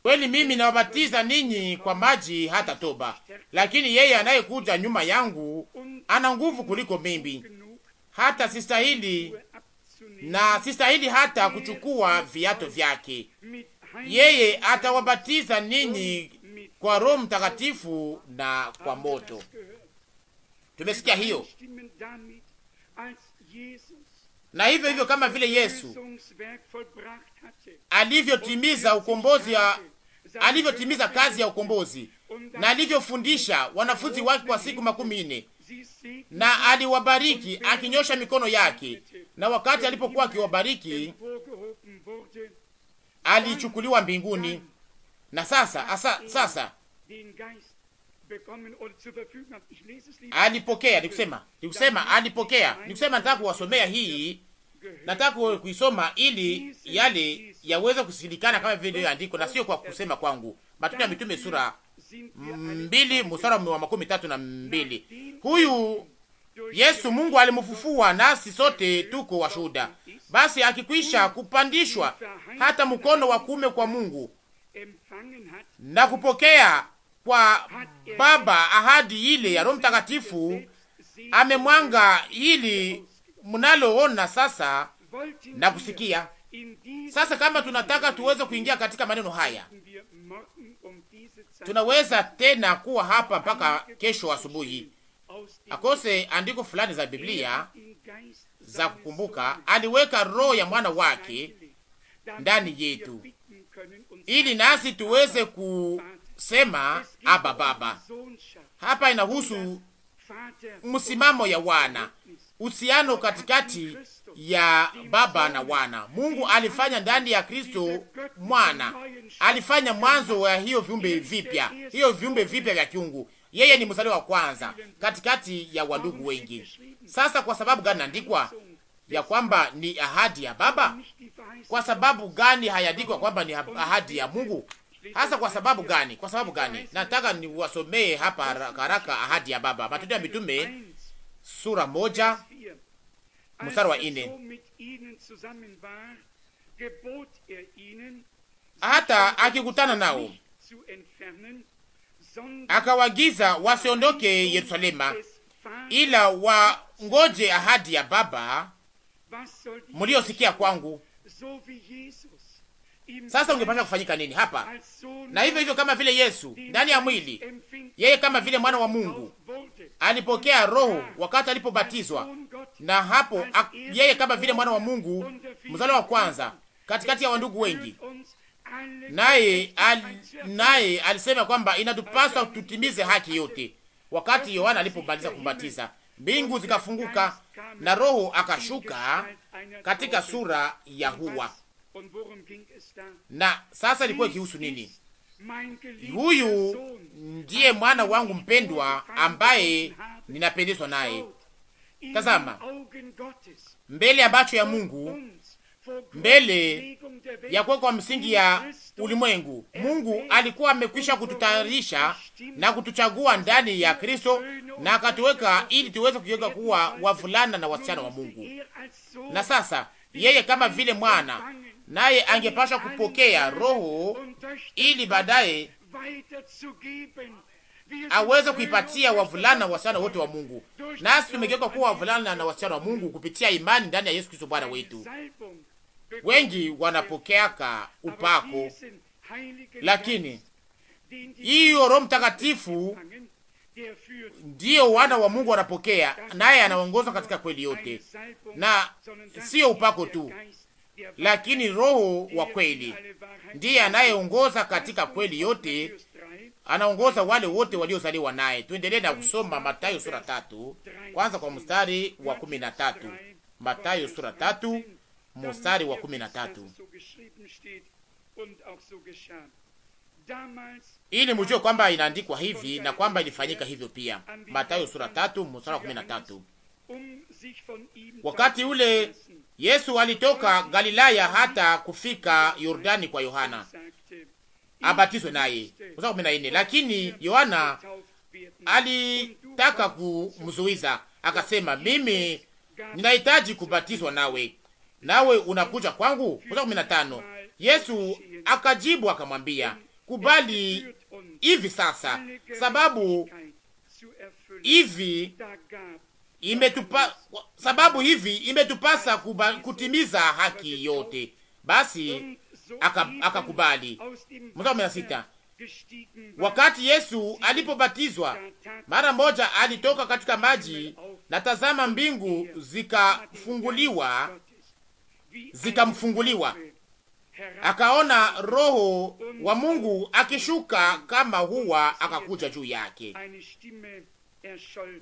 B: Kweli mimi nawabatiza ninyi kwa maji hata toba, lakini yeye anayekuja nyuma yangu ana nguvu kuliko mimi, hata sistahili na sistahili hata kuchukua viato vyake. Yeye atawabatiza ninyi kwa Roho Mtakatifu na kwa moto. Tumesikia hiyo na hivyo hivyo, kama vile Yesu alivyotimiza ukombozi alivyotimiza kazi ya ukombozi na alivyofundisha wanafunzi wake kwa siku makumi nne na aliwabariki akinyosha mikono yake, na wakati alipokuwa akiwabariki alichukuliwa mbinguni. Na sasa asa, sasa alipokea, nikusema nikusema alipokea, nikusema nataka kuwasomea hii Nataka kuisoma ili yale yaweze kusindikana kama vile andiko na sio kwa kusema kwangu. Matendo ya Mitume sura mbili mstari wa makumi tatu na mbili. Huyu Yesu Mungu alimfufua nasi sote tuko washuhuda. Basi akikwisha kupandishwa hata mkono wa kuume kwa Mungu na kupokea kwa Baba ahadi ile ya Roho Mtakatifu, amemwanga ili mnaloona sasa na kusikia. Sasa kama tunataka tuweze kuingia katika maneno haya, tunaweza tena kuwa hapa mpaka kesho asubuhi. Akose andiko fulani za Biblia za kukumbuka, aliweka roho ya mwana wake ndani yetu ili nasi tuweze kusema aba baba. Hapa inahusu msimamo ya wana usiano katikati ya baba na wana. Mungu alifanya ndani ya Kristo mwana, alifanya mwanzo wa hiyo viumbe vipya, hiyo viumbe vipya vya kiungu. Yeye ni mzaliwa wa kwanza katikati ya wandugu wengi. Sasa kwa sababu gani naandikwa ya kwamba ni ahadi ya baba? Kwa sababu gani hayandikwa kwamba ni ahadi ya Mungu? Hasa kwa sababu gani? Kwa sababu gani? Nataka niwasomee hapa haraka ahadi ya baba, Matendo ya Mitume sura moja
A: mstari wa ine. Er er
B: Hata akikutana nao akawagiza wasiondoke Yerusalema, ila wangoje ahadi ya Baba mliosikia kwangu. Sasa ungepasha kufanyika nini hapa?
A: Na hivyo hivyo, kama vile Yesu ndani ya mwili,
B: yeye kama vile mwana wa Mungu alipokea Roho wakati alipobatizwa, na hapo yeye kama vile mwana wa Mungu mzalo wa kwanza katikati ya wandugu wengi, naye al, naye alisema kwamba inatupaswa tutimize haki yote. Wakati Yohana alipomaliza kumbatiza, mbingu zikafunguka na Roho akashuka katika sura ya hua. Na sasa ilikuwa ikihusu nini?
A: huyu
B: ndiye mwana wangu mpendwa ambaye ninapendezwa naye. Oh, Tazama mbele ya macho ya Mungu, mbele ya kuwekwa msingi ya ulimwengu, Mungu alikuwa amekwisha kututayarisha na kutuchagua ndani ya Kristo na akatuweka ili tuweze kugeuka kuwa wavulana na wasichana wa Mungu. Na sasa yeye kama vile mwana naye angepasha kupokea Roho ili baadaye
C: aweze kuipatia wavulana
B: wasichana wote wa Mungu. Nasi tumegeuka kuwa wavulana na wasichana wa Mungu kupitia imani ndani ya Yesu Kristo Bwana wetu. Wengi wanapokeaka upako, lakini hiyo Roho Mtakatifu ndiyo wana wa Mungu wanapokea, naye anaongoza katika kweli yote, na sio upako tu, lakini Roho wa kweli ndiye anayeongoza katika kweli yote, anaongoza wale wote waliozaliwa naye. Tuendelee na kusoma Mathayo sura tatu kwanza kwa mstari wa kumi na tatu. Mathayo sura tatu mstari wa kumi na tatu ili mujue kwamba inaandikwa hivi na kwamba ilifanyika hivyo pia. Mathayo sura tatu mstari wa kumi na tatu. Wakati ule Yesu alitoka Galilaya hata kufika Yordani kwa Yohana abatizwe naye. kumi na nne. Lakini Yohana alitaka kumzuiza, akasema, mimi ninahitaji kubatizwa nawe, nawe unakuja kwangu? kumi na tano. Yesu akajibu akamwambia, kubali hivi sasa, sababu hivi Imetupa sababu hivi imetupasa kuba, kutimiza haki yote. Basi akakubali
C: aka sita. Wakati Yesu
B: alipobatizwa mara moja alitoka katika maji, na tazama mbingu zikafunguliwa zikamfunguliwa akaona Roho wa Mungu akishuka kama huwa akakuja juu yake,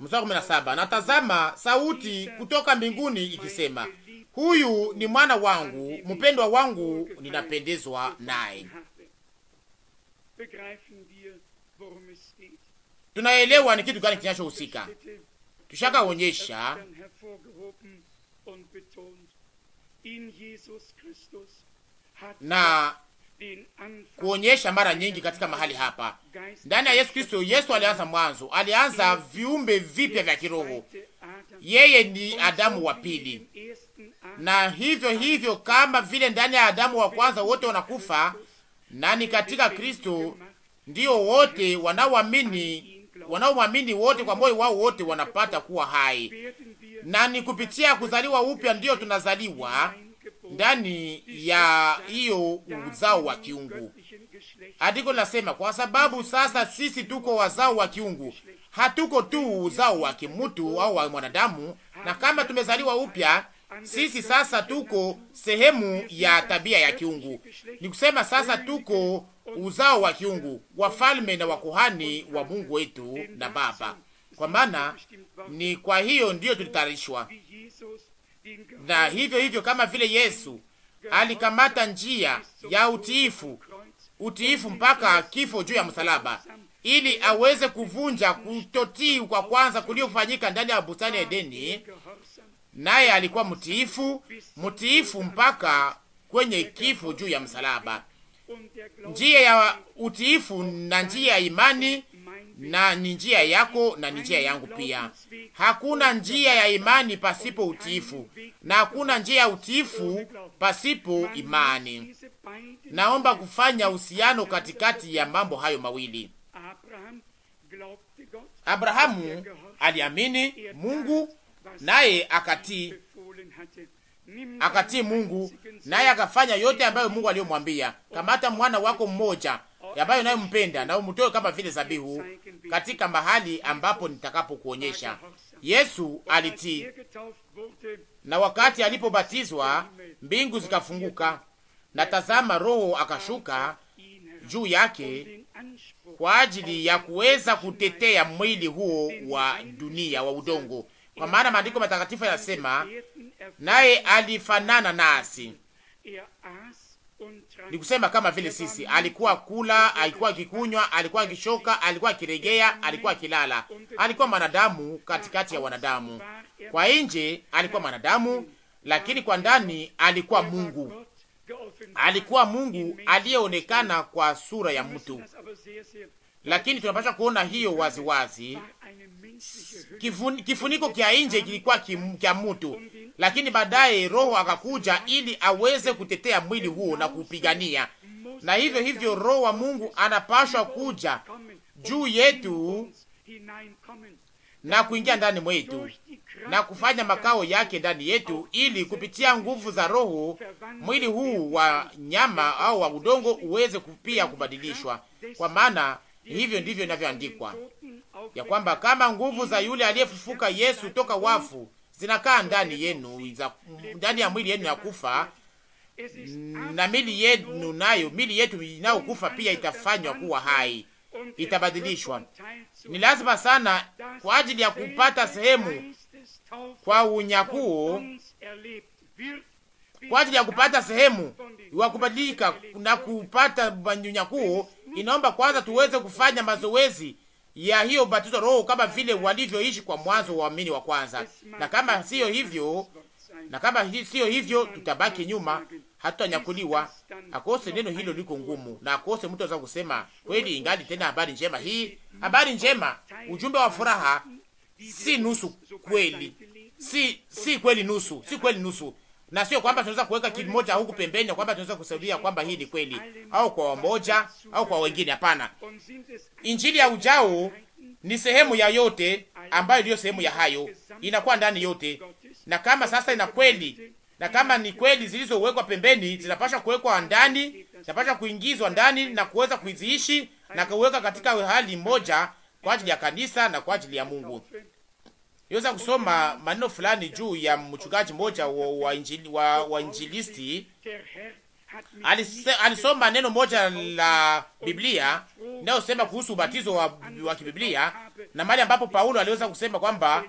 B: mstari kumi saba na tazama sauti kutoka mbinguni ikisema, huyu ni mwana wangu mpendwa wangu, ninapendezwa naye. Tunaelewa ni kitu gani kinachohusika, tushakaonyesha na kuonyesha mara nyingi katika mahali hapa. Ndani ya Yesu Kristo, Yesu alianza mwanzo, alianza viumbe vipya vya kiroho. Yeye ni Adamu wa pili, na hivyo hivyo kama vile ndani ya Adamu wa kwanza wote wanakufa, nani katika Kristo ndio wote wanaoamini wanaomwamini wote kwa moyo wao wote wanapata kuwa hai, na ni kupitia kuzaliwa upya ndio tunazaliwa ndani ya hiyo uzao wa kiungu. Andiko linasema kwa sababu sasa sisi tuko wazao wa kiungu, hatuko tu uzao wa kimtu au wa mwanadamu, na kama tumezaliwa upya sisi sasa tuko sehemu ya tabia ya kiungu. Ni kusema sasa tuko uzao wa kiungu, wafalme na wakuhani wa Mungu wetu na Baba. Kwa maana ni kwa hiyo ndiyo tulitayarishwa, na hivyo hivyo kama vile Yesu alikamata njia ya utiifu, utiifu mpaka kifo juu ya msalaba, ili aweze kuvunja kutotii kwa kwanza kuliofanyika ndani ya bustani ya Edeni. Naye alikuwa mtiifu, mtiifu mpaka kwenye kifo juu ya msalaba. Njia ya utiifu na njia ya imani na ni njia yako na ni njia yangu pia. Hakuna njia ya imani pasipo utiifu, na hakuna njia ya utiifu pasipo imani. Naomba kufanya uhusiano katikati ya mambo hayo mawili. Abrahamu aliamini Mungu naye akatii, akatii Mungu naye akafanya yote ambayo Mungu aliyomwambia. Kamata mwana wako mmoja ambayo unayempenda na umtoe kama vile zabihu katika mahali ambapo nitakapokuonyesha. Yesu alitii, na wakati alipobatizwa mbingu zikafunguka, na tazama, Roho akashuka juu yake kwa ajili ya kuweza kutetea mwili huo wa dunia wa udongo, kwa maana maandiko matakatifu yanasema, naye alifanana nasi ni kusema kama vile sisi, alikuwa kula, alikuwa akikunywa, alikuwa akishoka, alikuwa akiregea, alikuwa akilala. Alikuwa mwanadamu katikati ya wanadamu. Kwa nje alikuwa mwanadamu, lakini kwa ndani alikuwa Mungu. Alikuwa Mungu aliyeonekana kwa sura ya mtu, lakini tunapaswa kuona hiyo waziwazi wazi. Kifun, kifuniko kya nje kilikuwa kya mtu, lakini baadaye Roho akakuja ili aweze kutetea mwili huo na kupigania. Na hivyo hivyo Roho wa Mungu anapashwa kuja juu yetu na kuingia ndani mwetu na kufanya makao yake ndani yetu, ili kupitia nguvu za Roho mwili huu wa nyama au wa udongo uweze pia kubadilishwa, kwa maana hivyo ndivyo inavyoandikwa ya kwamba kama nguvu za yule aliyefufuka Yesu toka wafu zinakaa ndani yenu za, ndani ya mwili yenu ya kufa na mili yenu nayo mili yetu inayokufa pia itafanywa kuwa hai, itabadilishwa. Ni lazima sana kwa ajili ya kupata sehemu
A: kwa unyakuo, kwa ajili ya kupata sehemu
B: wa kubadilika na kupata unyakuo, inaomba kwanza tuweze kufanya mazoezi ya hiyo batizo roho kama vile walivyoishi kwa mwanzo wa waamini wa kwanza. Na kama siyo hivyo, na kama siyo hivyo, tutabaki nyuma, hatutanyakuliwa. Akose neno hilo liko ngumu, na akose mtu aweza kusema kweli, ingali tena habari njema hii, habari njema, ujumbe wa furaha, si nusu kweli, si si kweli nusu, si kweli nusu na sio kwamba tunaweza kuweka kimoja huku pembeni, kwamba tunaweza kusaidia kwamba hii ni kweli, au kwa wamoja au kwa wengine. Hapana, injili ya ujao ni sehemu ya yote ambayo ndiyo sehemu ya hayo, inakuwa ndani yote. Na kama sasa ina kweli, na kama ni kweli zilizowekwa pembeni, zinapaswa kuwekwa ndani, zinapaswa kuingizwa ndani na kuweza kuiziishi na kuweka katika hali moja kwa ajili ya kanisa na kwa ajili ya Mungu niweza kusoma maneno fulani juu ya mchungaji mmoja wa, wa, wa, wa injilisti alisoma neno moja la Biblia inayosema kuhusu ubatizo wa, wa kibiblia na mahali ambapo Paulo aliweza kusema kwamba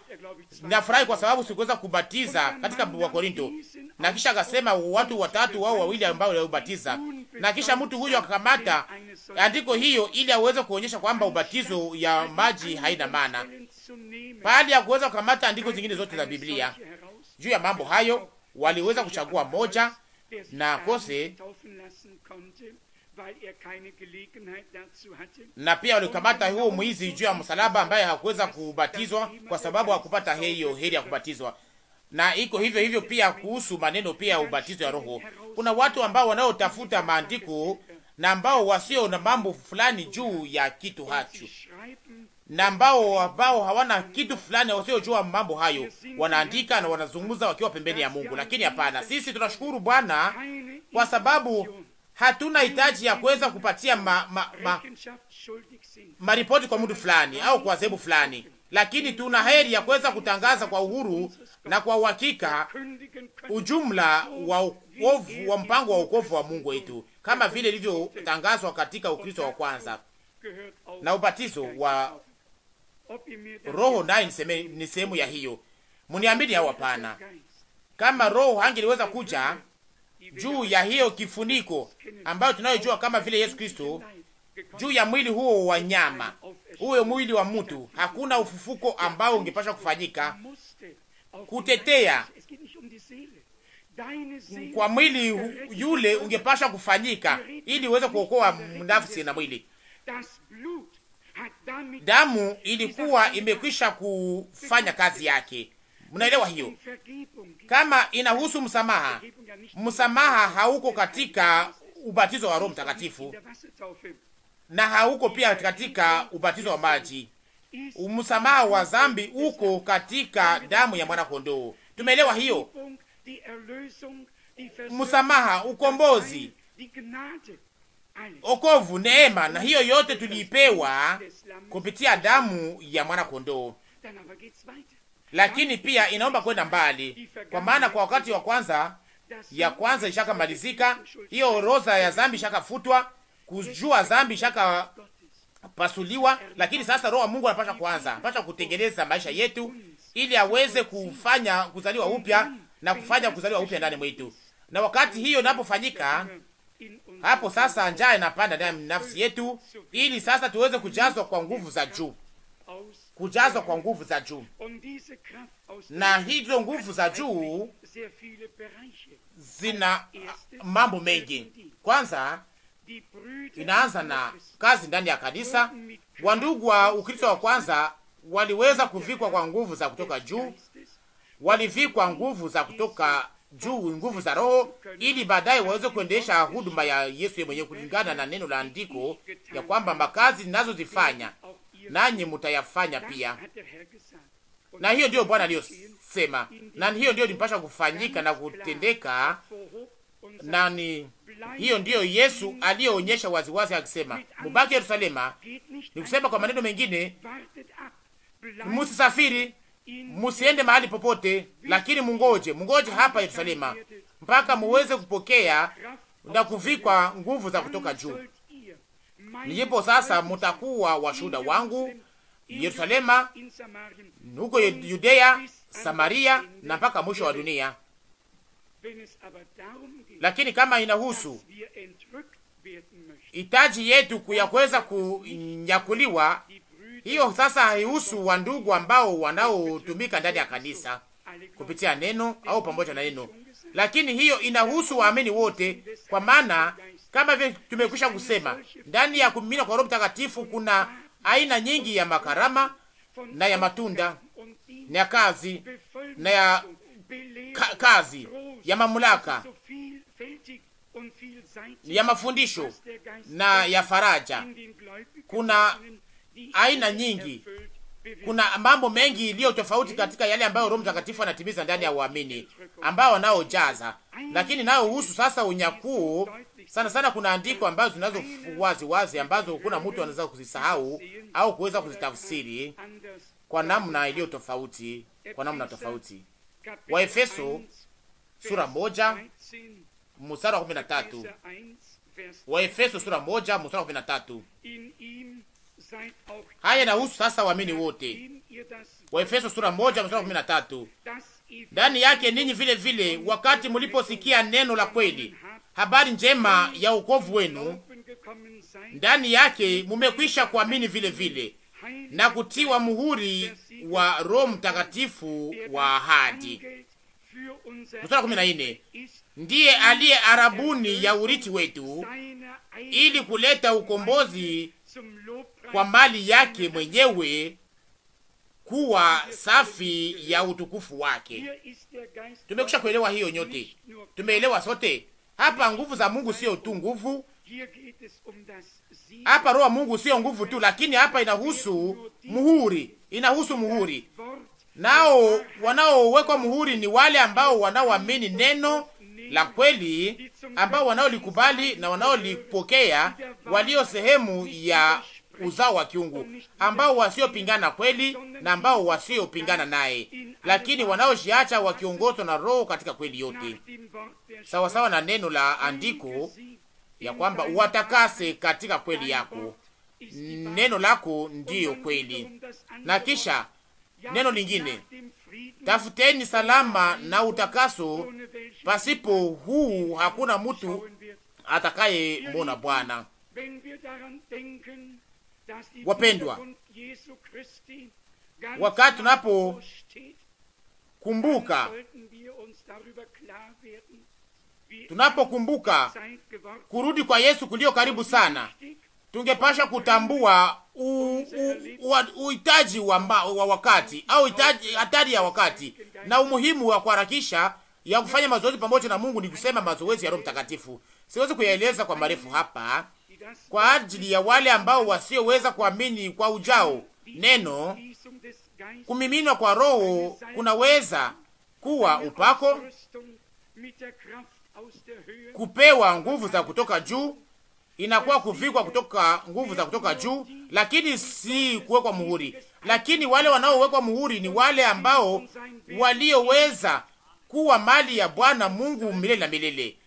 B: nafurahi kwa sababu sikuweza kubatiza katika wa Korinto, na kisha akasema watu watatu wao wawili ambao waliobatiza, na kisha mtu huyo akakamata andiko hiyo ili aweze kuonyesha kwamba ubatizo ya maji haina maana, baada ya kuweza kukamata andiko zingine zote za Biblia juu ya mambo hayo, waliweza kuchagua moja
A: na Kose
B: na pia walikamata huo mwizi juu ya msalaba ambaye hakuweza kubatizwa kwa sababu hakupata heyo heri ya kubatizwa. Na iko hivyo hivyo pia kuhusu maneno pia ya ubatizo ya Roho. Kuna watu ambao wanaotafuta maandiko na ambao wasio na mambo fulani juu ya kitu hacho na ambao ambao hawana kitu fulani, wasiojua mambo hayo, wanaandika na wanazungumza wakiwa pembeni ya Mungu. Lakini hapana, sisi tunashukuru Bwana kwa sababu hatuna hitaji ya kuweza kupatia maripoti ma, ma, ma kwa mtu fulani au kwa zebu fulani, lakini tuna heri ya kuweza kutangaza kwa uhuru na kwa uhakika ujumla wa ukovu, wa mpango wa wokovu wa Mungu wetu kama vile ilivyotangazwa katika Ukristo wa kwanza na ubatizo wa Roho naye ni sehemu ya hiyo. Mniamini au hapana? Kama roho hangeliweza kuja juu ya hiyo kifuniko ambayo tunayojua kama vile Yesu Kristo juu ya mwili huo wa nyama, huyo mwili wa mtu, hakuna ufufuko ambao ungepasha kufanyika
A: kutetea mm,
B: kwa mwili yule ungepasha kufanyika ili uweze kuokoa nafsi na mwili damu ilikuwa imekwisha kufanya kazi yake. Mnaelewa hiyo? Kama inahusu msamaha, msamaha hauko katika ubatizo wa Roho Mtakatifu na hauko pia katika ubatizo wa maji. Msamaha wa dhambi uko katika damu ya mwana kondoo. Tumeelewa hiyo?
A: Msamaha,
B: ukombozi okovu, neema, na hiyo yote tuliipewa kupitia damu ya mwana kondoo. Lakini pia inaomba kwenda mbali, kwa maana kwa wakati wa kwanza ya kwanza ishaka malizika, hiyo orodha ya zambi ishaka futwa, kujua zambi ishaka pasuliwa. Lakini sasa roho wa Mungu anapasha kuanza, anapasha kutengeneza maisha yetu ili aweze kufanya kuzaliwa upya na kufanya kuzaliwa upya ndani mwetu. Na wakati hiyo inapofanyika, hapo sasa njaa inapanda ndani ya nafsi yetu, ili sasa tuweze kujazwa kwa nguvu za juu, kujazwa kwa nguvu za juu.
A: Na hizo nguvu za juu zina
B: mambo mengi. Kwanza inaanza na kazi ndani ya kanisa. Wandugu wa Ukristo wa kwanza waliweza kuvikwa kwa nguvu za kutoka juu, walivikwa nguvu za kutoka juu nguvu za Roho, ili baadaye waweze kuendesha huduma ya Yesu mwenyewe kulingana na neno la andiko ya kwamba makazi ninazozifanya nanyi mutayafanya pia.
C: Na hiyo ndiyo Bwana aliyosema,
B: na hiyo ndiyo limpasha kufanyika na kutendeka nani. Hiyo ndiyo Yesu aliyoonyesha waziwazi akisema, mubaki Yerusalema. Ni kusema kwa maneno mengine,
C: musisafiri
B: musiende mahali popote, lakini mungoje, mungoje hapa Yerusalema mpaka muweze kupokea na kuvikwa nguvu za kutoka juu. Ndipo sasa mutakuwa washuhuda wangu Yerusalema, huko Yudea, Samaria na mpaka mwisho wa dunia. Lakini kama inahusu hitaji yetu ya kuweza kunyakuliwa hiyo sasa haihusu wandugu ambao wanaotumika ndani ya kanisa kupitia neno au pamoja na neno, lakini hiyo inahusu waamini wote, kwa maana kama vile tumekwisha kusema, ndani ya kumimina kwa Roho Mtakatifu kuna aina nyingi ya makarama na ya matunda na ya kazi na ya ka kazi ya mamlaka ya mafundisho na ya faraja. Kuna aina nyingi, kuna mambo mengi iliyo tofauti katika yale ambayo Roho Mtakatifu anatimiza ndani ya waamini ambao wanaojaza, lakini nayo husu sasa unyakuu sana sana. Kuna andiko ambazo zinazo wazi wazi ambazo kuna mtu anaweza kuzisahau au kuweza kuzitafsiri kwa namna iliyo tofauti, kwa namna tofauti. Waefeso sura moja mstari wa 13, Waefeso sura moja mstari wa 13. Haya nahusu sasa waamini wote. Waefeso sura moja mstari kumi na tatu. Ndani yake ninyi vile vile, wakati mliposikia neno la kweli, habari njema ya wokovu wenu, ndani yake mumekwisha kuamini vile vile na kutiwa muhuri wa Roho Mtakatifu wa ahadi.
C: Mstari kumi na nne
B: ndiye aliye arabuni ya urithi wetu ili kuleta ukombozi kwa mali yake mwenyewe kuwa safi ya utukufu wake. Tumekusha kuelewa hiyo nyote, tumeelewa sote hapa. Nguvu za Mungu sio tu nguvu hapa, roho Mungu sio nguvu tu, lakini hapa inahusu muhuri, inahusu muhuri. Nao wanaowekwa muhuri ni wale ambao wanaoamini neno la kweli, ambao wanaolikubali na wanaolipokea, walio sehemu ya uzao wa kiungu, ambao wasiopingana kweli na ambao wasiopingana naye, lakini wanaojiacha wakiongozwa na Roho katika kweli yote, sawasawa na neno la andiko ya kwamba watakase katika kweli yako, neno lako ndiyo kweli. Na kisha neno lingine, tafuteni salama na utakaso, pasipo huu hakuna mtu atakaye mona Bwana.
A: Wapendwa, wakati tunapokumbuka
B: tunapokumbuka kurudi kwa Yesu kulio karibu sana, tungepasha kutambua uhitaji wa, wa wakati au hatari ya wakati na umuhimu wa kuharakisha ya kufanya mazoezi pamoja na Mungu, ni kusema mazoezi ya Roho Mtakatifu. Siwezi kuyaeleza kwa marefu hapa, kwa ajili ya wale ambao wasioweza kuamini kwa ujao. Neno
A: kumiminwa kwa Roho
B: kunaweza kuwa upako, kupewa nguvu za kutoka juu, inakuwa kuvikwa kutoka nguvu za kutoka juu, lakini si kuwekwa muhuri. Lakini wale wanaowekwa muhuri ni wale ambao walioweza kuwa mali ya Bwana Mungu milele na milele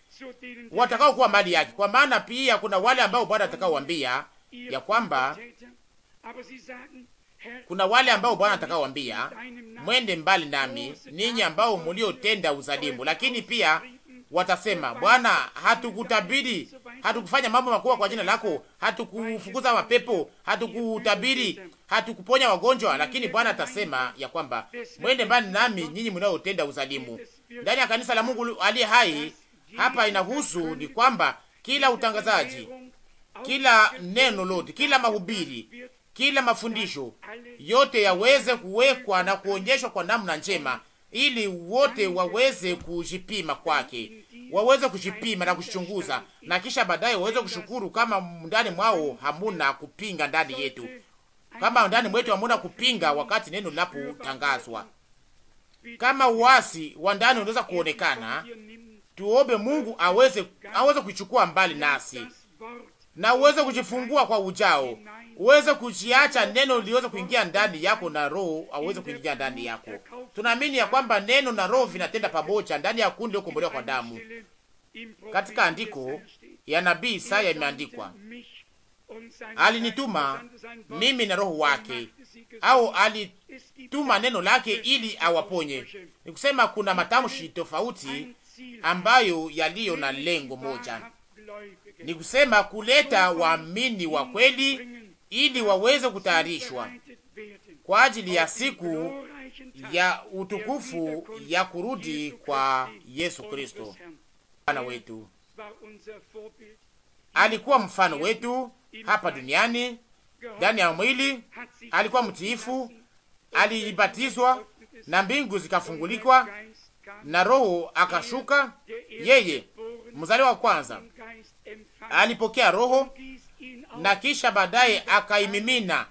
B: watakao kuwa mali yake, kwa maana pia kuna wale ambao Bwana atakaowaambia ya kwamba kuna wale ambao Bwana atakaowaambia mwende mbali nami, ninyi ambao mliotenda uzalimu. Lakini pia watasema, Bwana, hatukutabiri, hatukufanya mambo makubwa kwa jina lako, hatukufukuza mapepo, hatukutabiri, hatukuponya wagonjwa. Lakini Bwana atasema ya kwamba mwende mbali nami, nyinyi mnaotenda uzalimu. Ndani ya kanisa la Mungu aliye hai hapa inahusu ni kwamba kila utangazaji, kila neno lote, kila mahubiri, kila mafundisho yote yaweze kuwekwa na kuonyeshwa kwa namna njema, ili wote waweze kujipima kwake, waweze kujipima na kuchunguza, na kisha baadaye waweze kushukuru kama ndani mwao hamuna kupinga ndani yetu, kama ndani mwetu hamuna kupinga wakati neno linapotangazwa. Kama uasi wa ndani unaweza kuonekana tuombe Mungu aweze aweze kuichukua mbali nasi na uweze kujifungua kwa ujao, uweze kujiacha neno liweze kuingia ndani yako na roho aweze kuingia ndani yako. Tunaamini ya kwamba neno na roho vinatenda pamoja ndani ya kundi lililokombolewa kwa damu. Katika andiko ya nabii Isaya imeandikwa, alinituma mimi na roho wake, au alituma neno lake ili awaponye. Nikusema kuna matamshi tofauti ambayo yaliyo na lengo moja, ni kusema kuleta waamini wa kweli ili waweze kutayarishwa kwa ajili ya siku ya utukufu ya kurudi kwa Yesu Kristo Bwana wetu. Alikuwa mfano wetu hapa duniani ndani ya mwili, alikuwa mtiifu, alibatizwa na mbingu zikafungulikwa na Roho akashuka. Yeye mzaliwa wa kwanza alipokea Roho na kisha baadaye akaimimina,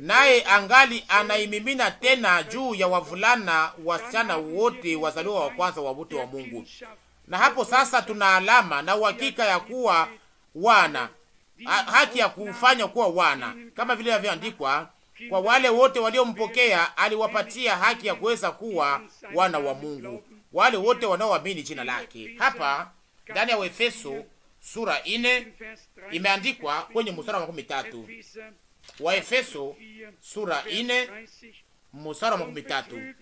B: naye angali anaimimina tena juu ya wavulana wasichana wote wazaliwa wa kwanza wa wote wa Mungu. Na hapo sasa tuna alama na uhakika ya kuwa wana ha haki ya kufanya kuwa wana, kama vile inavyoandikwa, kwa wale wote waliompokea aliwapatia haki ya kuweza kuwa wana wa Mungu, wale wote wanaoamini jina lake. Hapa ndani ya Waefeso sura ine
A: imeandikwa
B: kwenye mstari wa makumi tatu. Waefeso
A: sura ine
B: mstari wa makumi tatu,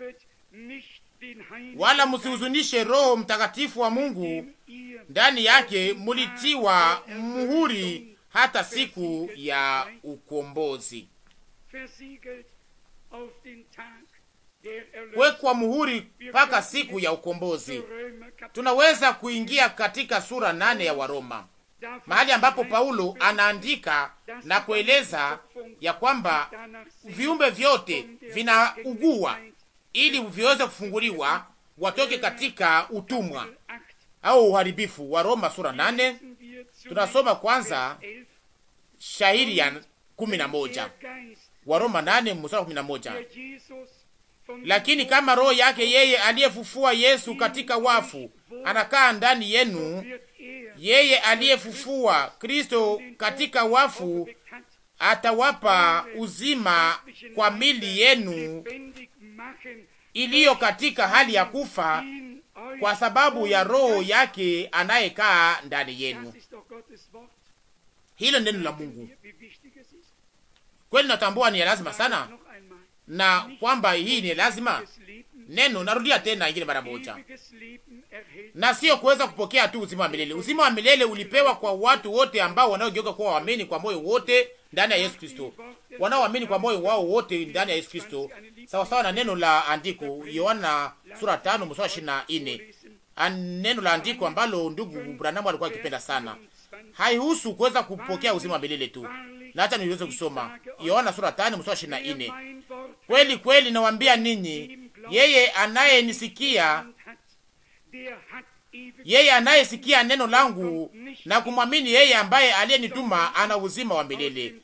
B: wala msihuzunishe Roho Mtakatifu wa Mungu, ndani yake mulitiwa muhuri hata siku ya ukombozi
A: kuwekwa muhuri mpaka siku ya
B: ukombozi. Tunaweza kuingia katika sura nane ya Waroma, mahali ambapo Paulo anaandika na kueleza ya kwamba viumbe vyote vinaugua ili viweze kufunguliwa watoke katika utumwa au uharibifu. wa roma sura nane tunasoma kwanza shahiri ya kumi na moja. Waroma nane mstari kumi na moja lakini kama roho yake yeye aliyefufua Yesu katika wafu anakaa ndani yenu, yeye aliyefufua Kristo katika wafu atawapa uzima kwa mili yenu iliyo katika hali ya kufa, kwa sababu ya roho yake anayekaa ndani yenu. Hilo neno la Mungu kweli, natambua ni lazima sana na kwamba hii ni lazima. Neno narudia tena ingine mara moja, na sio kuweza kupokea tu uzima wa milele. Uzima wa milele ulipewa kwa watu wote ambao wanaogeuka kuwa waamini kwa moyo wote ndani ya Yesu Kristo, wanaoamini kwa moyo wao wote ndani ya Yesu Kristo, sawa sawa na neno la andiko Yohana sura 5 mstari 24, neno la andiko ambalo ndugu Branham alikuwa akipenda sana. Haihusu kuweza kupokea uzima wa milele tu. Na hata niweze kusoma Yohana sura 5 mstari wa 24, Kweli kweli nawaambia ninyi, yeye anayenisikia, yeye anayesikia neno langu na kumwamini yeye ambaye aliyenituma ana uzima wa milele,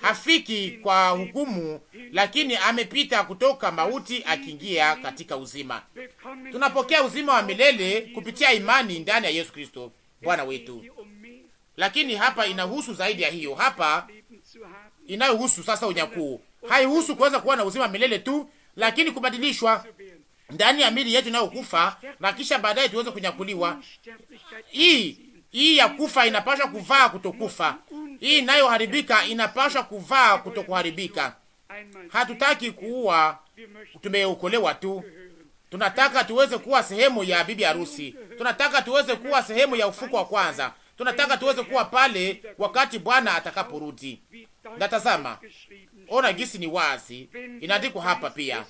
B: hafiki kwa hukumu, lakini amepita kutoka mauti akiingia katika uzima. Tunapokea uzima wa milele kupitia imani ndani ya Yesu Kristo Bwana wetu. Lakini hapa inahusu zaidi ya hiyo, hapa inayohusu sasa unyakuu haihusu kuweza kuwa na uzima milele tu, lakini kubadilishwa ndani ya mili yetu inayokufa na kisha baadaye tuweze kunyakuliwa. Hii hii ya kufa inapaswa kuvaa kutokufa, hii inayoharibika inapaswa kuvaa kutokuharibika. Hatutaki kuua, tumeokolewa tu. Tunataka tuweze kuwa sehemu ya bibi harusi, tunataka tuweze kuwa sehemu ya ufuko wa kwanza, tunataka tuweze kuwa pale wakati Bwana atakaporudi. Natazama Ona gisi ni wazi, inaandikwa hapa pia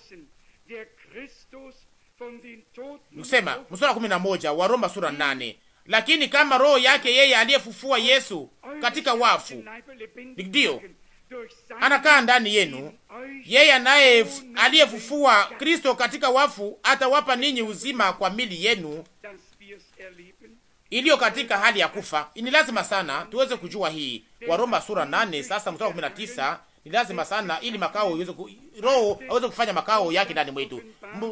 B: kusema msura kumi na moja wa Roma sura nane lakini kama roho yake yeye aliyefufua Yesu katika wafu ndiyo anakaa ndani yenu, yeye anaye aliyefufua Kristo katika wafu atawapa ninyi uzima kwa mili yenu iliyo katika hali ya kufa. Ni lazima sana tuweze kujua hii. Waroma sura nane sasa mstari wa kumi na tisa ni lazima sana ili makao iweze ku, roho aweze kufanya makao yake ndani mwetu.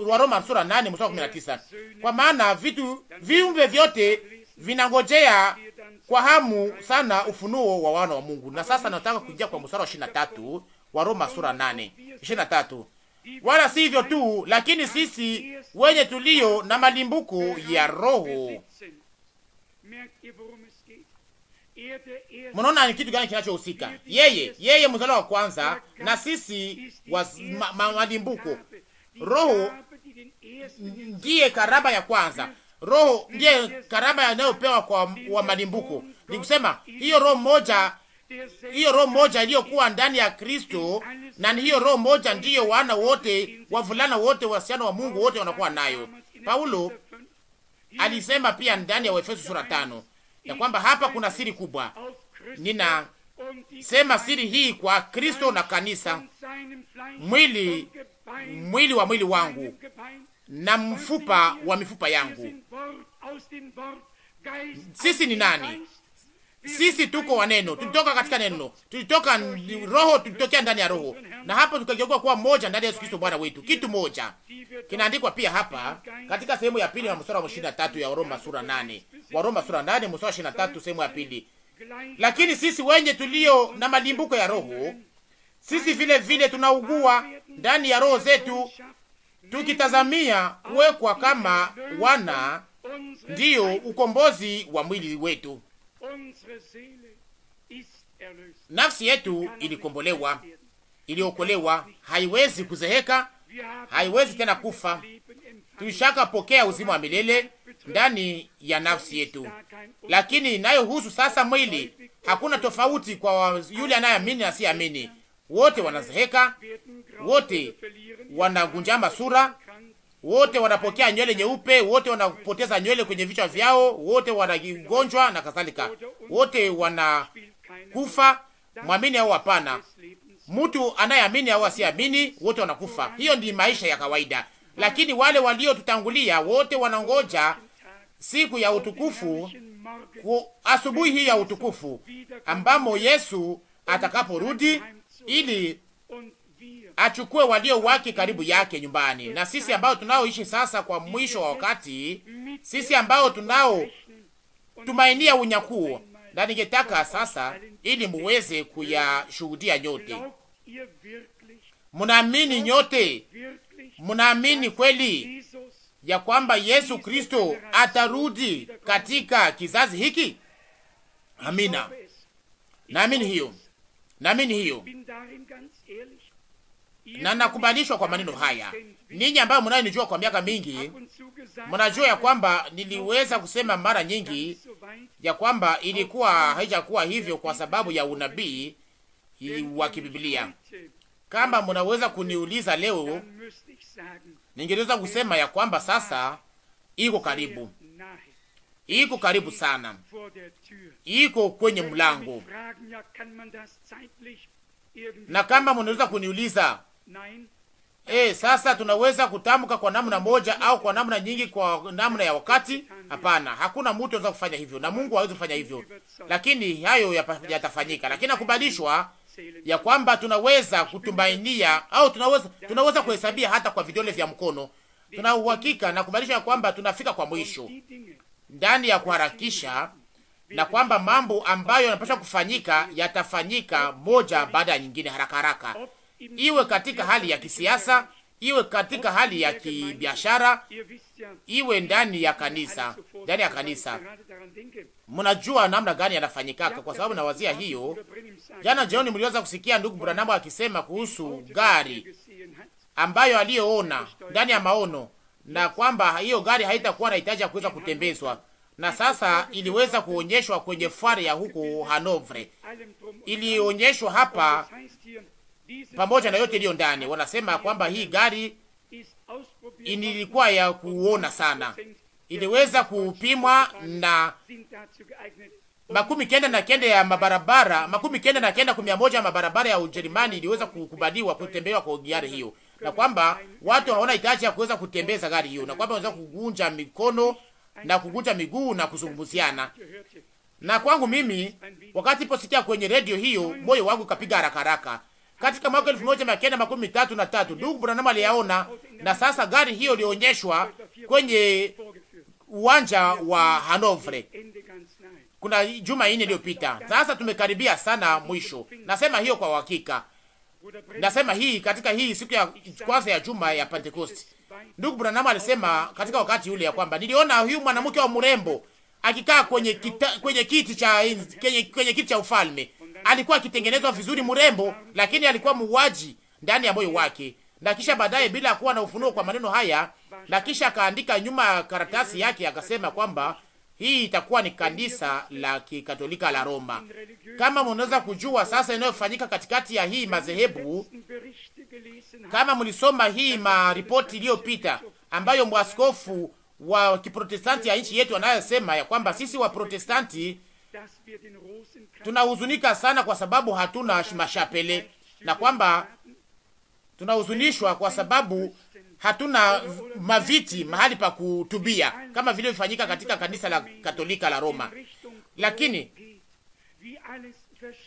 B: Wa Roma sura 8 mstari 19. Kwa maana vitu viumbe vyote vinangojea kwa hamu sana ufunuo wa wana wa Mungu. Na sasa nataka kuingia kwa mstari wa 23 wa Roma sura 8 23. Wala si hivyo tu, lakini sisi wenye tulio na malimbuko ya roho
A: Mnaona ni kitu gani
B: kinachohusika? Yeye yeye mzaliwa wa kwanza na sisi madimbuko ma, ma, roho ndiye karaba ya kwanza roho ndiye karaba yanayopewa kwa wa malimbuko. Ni kusema hiyo roho moja, hiyo roho moja iliyokuwa ndani ya Kristo, na ni hiyo roho moja ndiyo wana wote, wavulana wote, wasichana wa Mungu wote wanakuwa nayo. Paulo alisema pia ndani ya Waefeso sura tano ya kwamba hapa kuna siri kubwa. Ninasema siri hii kwa Kristo na kanisa, mwili mwili wa mwili wangu na mfupa wa mifupa yangu. Sisi ni nani? Sisi tuko wa neno, tulitoka katika neno, tulitoka roho, tulitokea ndani ya roho, na hapo tukageuka kuwa moja ndani ya Yesu Kristo Bwana wetu. Kitu moja kinaandikwa pia hapa katika sehemu ya pili ya mstari wa tatu ya Roma sura nane, wa Roma sura nane mstari wa 23, sehemu ya pili: lakini sisi wenye tulio na malimbuko ya roho, sisi vile vile tunaugua ndani ya roho zetu, tukitazamia kuwekwa kama wana, ndiyo ukombozi wa mwili wetu. Nafsi yetu ilikombolewa, iliokolewa, haiwezi kuzeheka, haiwezi tena kufa. Tuishaka pokea uzima wa milele ndani ya nafsi yetu, lakini inayohusu sasa mwili, hakuna tofauti kwa yule anayeamini na asiyeamini. Wote wanazeheka, wote wanagunjama sura, wote wanapokea nywele nyeupe, wote wanapoteza nywele kwenye vichwa vyao, wote wanagonjwa na kadhalika, wote wanakufa, mwamini au hapana, mtu anayeamini au asiamini, wote wanakufa. Hiyo ndi maisha ya kawaida, lakini wale waliotutangulia wote wanangoja siku ya utukufu, asubuhi hii ya utukufu ambamo Yesu atakaporudi ili achukue walio wake karibu yake nyumbani. Na sisi ambao tunaoishi sasa kwa mwisho wa wakati, sisi ambao tunao tumainia unyakuo, na ningetaka sasa, ili muweze kuyashuhudia nyote. mnaamini nyote? Munaamini kweli ya kwamba Yesu Kristo atarudi katika kizazi hiki? Amina, naamini hiyo, naamini hiyo na nakubalishwa kwa maneno haya. Ninyi ambayo mnayonijua kwa miaka mingi, mnajua ya kwamba niliweza kusema mara nyingi ya kwamba ilikuwa haijakuwa hivyo kwa sababu ya unabii wa kibiblia. Kama mnaweza kuniuliza leo, ningeweza kusema ya kwamba sasa iko karibu, iko karibu sana, iko kwenye mlango. Na kama mnaweza kuniuliza E, sasa tunaweza kutamka kwa namna moja au kwa namna nyingi, kwa namna ya wakati? Hapana, hakuna mtu anaweza kufanya hivyo na Mungu hawezi kufanya hivyo, lakini hayo yatafanyika. Lakini nakubalishwa ya kwamba tunaweza kutumainia au tunaweza tunaweza kuhesabia hata kwa vidole vya mkono. Tuna uhakika na kubalishwa ya kwamba tunafika kwa mwisho ndani ya kuharakisha na kwamba mambo ambayo yanapaswa kufanyika yatafanyika moja baada ya nyingine haraka haraka, iwe katika hali ya kisiasa, iwe katika hali ya kibiashara, iwe ndani ya kanisa, ndani ya kanisa. Mnajua namna gani yanafanyikaka, kwa sababu nawazia hiyo. Jana jioni mliweza kusikia ndugu Branamu akisema kuhusu gari ambayo aliyoona ndani ya maono, na kwamba hiyo gari haitakuwa na hitaji ya kuweza kutembezwa na sasa iliweza kuonyeshwa kwenye fare ya huko Hanovre, ilionyeshwa hapa pamoja na yote iliyo ndani. Wanasema kwamba hii gari ilikuwa ya kuona sana, iliweza kupimwa na makumi kenda na kenda ya mabarabara makumi kenda na kenda kumi mia moja ya mabarabara ya Ujerumani iliweza kukubaliwa kutembewa kwa gari hiyo, na kwamba watu hawana hitaji ya kuweza kutembeza gari hiyo, na kwamba wanaweza kugunja mikono na kugunja miguu na kuzungumziana. Na kwangu mimi, wakati posikia kwenye redio hiyo, moyo wangu kapiga haraka haraka katika mwaka elfu moja mia kenda makumi tatu na tatu ndugu Branham aliyaona, na sasa gari hiyo ilionyeshwa kwenye uwanja wa Hanovre kuna juma ine iliyopita. Sasa tumekaribia sana mwisho, nasema hiyo kwa uhakika, nasema hii katika hii siku ya kwanza ya juma ya Pentekosti. Ndugu Branham alisema katika wakati ule ya kwamba niliona huyu mwanamke wa mrembo akikaa kwenye kita, kwenye kiti cha kwenye, kwenye kiti cha ufalme alikuwa akitengenezwa vizuri, mrembo, lakini alikuwa muuaji ndani ya moyo wake. Na kisha baadaye, bila kuwa na ufunuo kwa maneno haya, na kisha akaandika nyuma ya karatasi yake, akasema kwamba hii itakuwa ni kanisa la Kikatolika la Roma. Kama mnaweza kujua sasa inayofanyika katikati ya hii madhehebu, kama mlisoma hii maripoti iliyopita ambayo mwaskofu wa Kiprotestanti ya nchi yetu anayosema ya kwamba sisi wa protestanti, Tunahuzunika sana kwa sababu hatuna mashapele na kwamba tunahuzunishwa kwa sababu hatuna maviti mahali pa kutubia kama vile vifanyika katika kanisa la Katolika la Roma. Lakini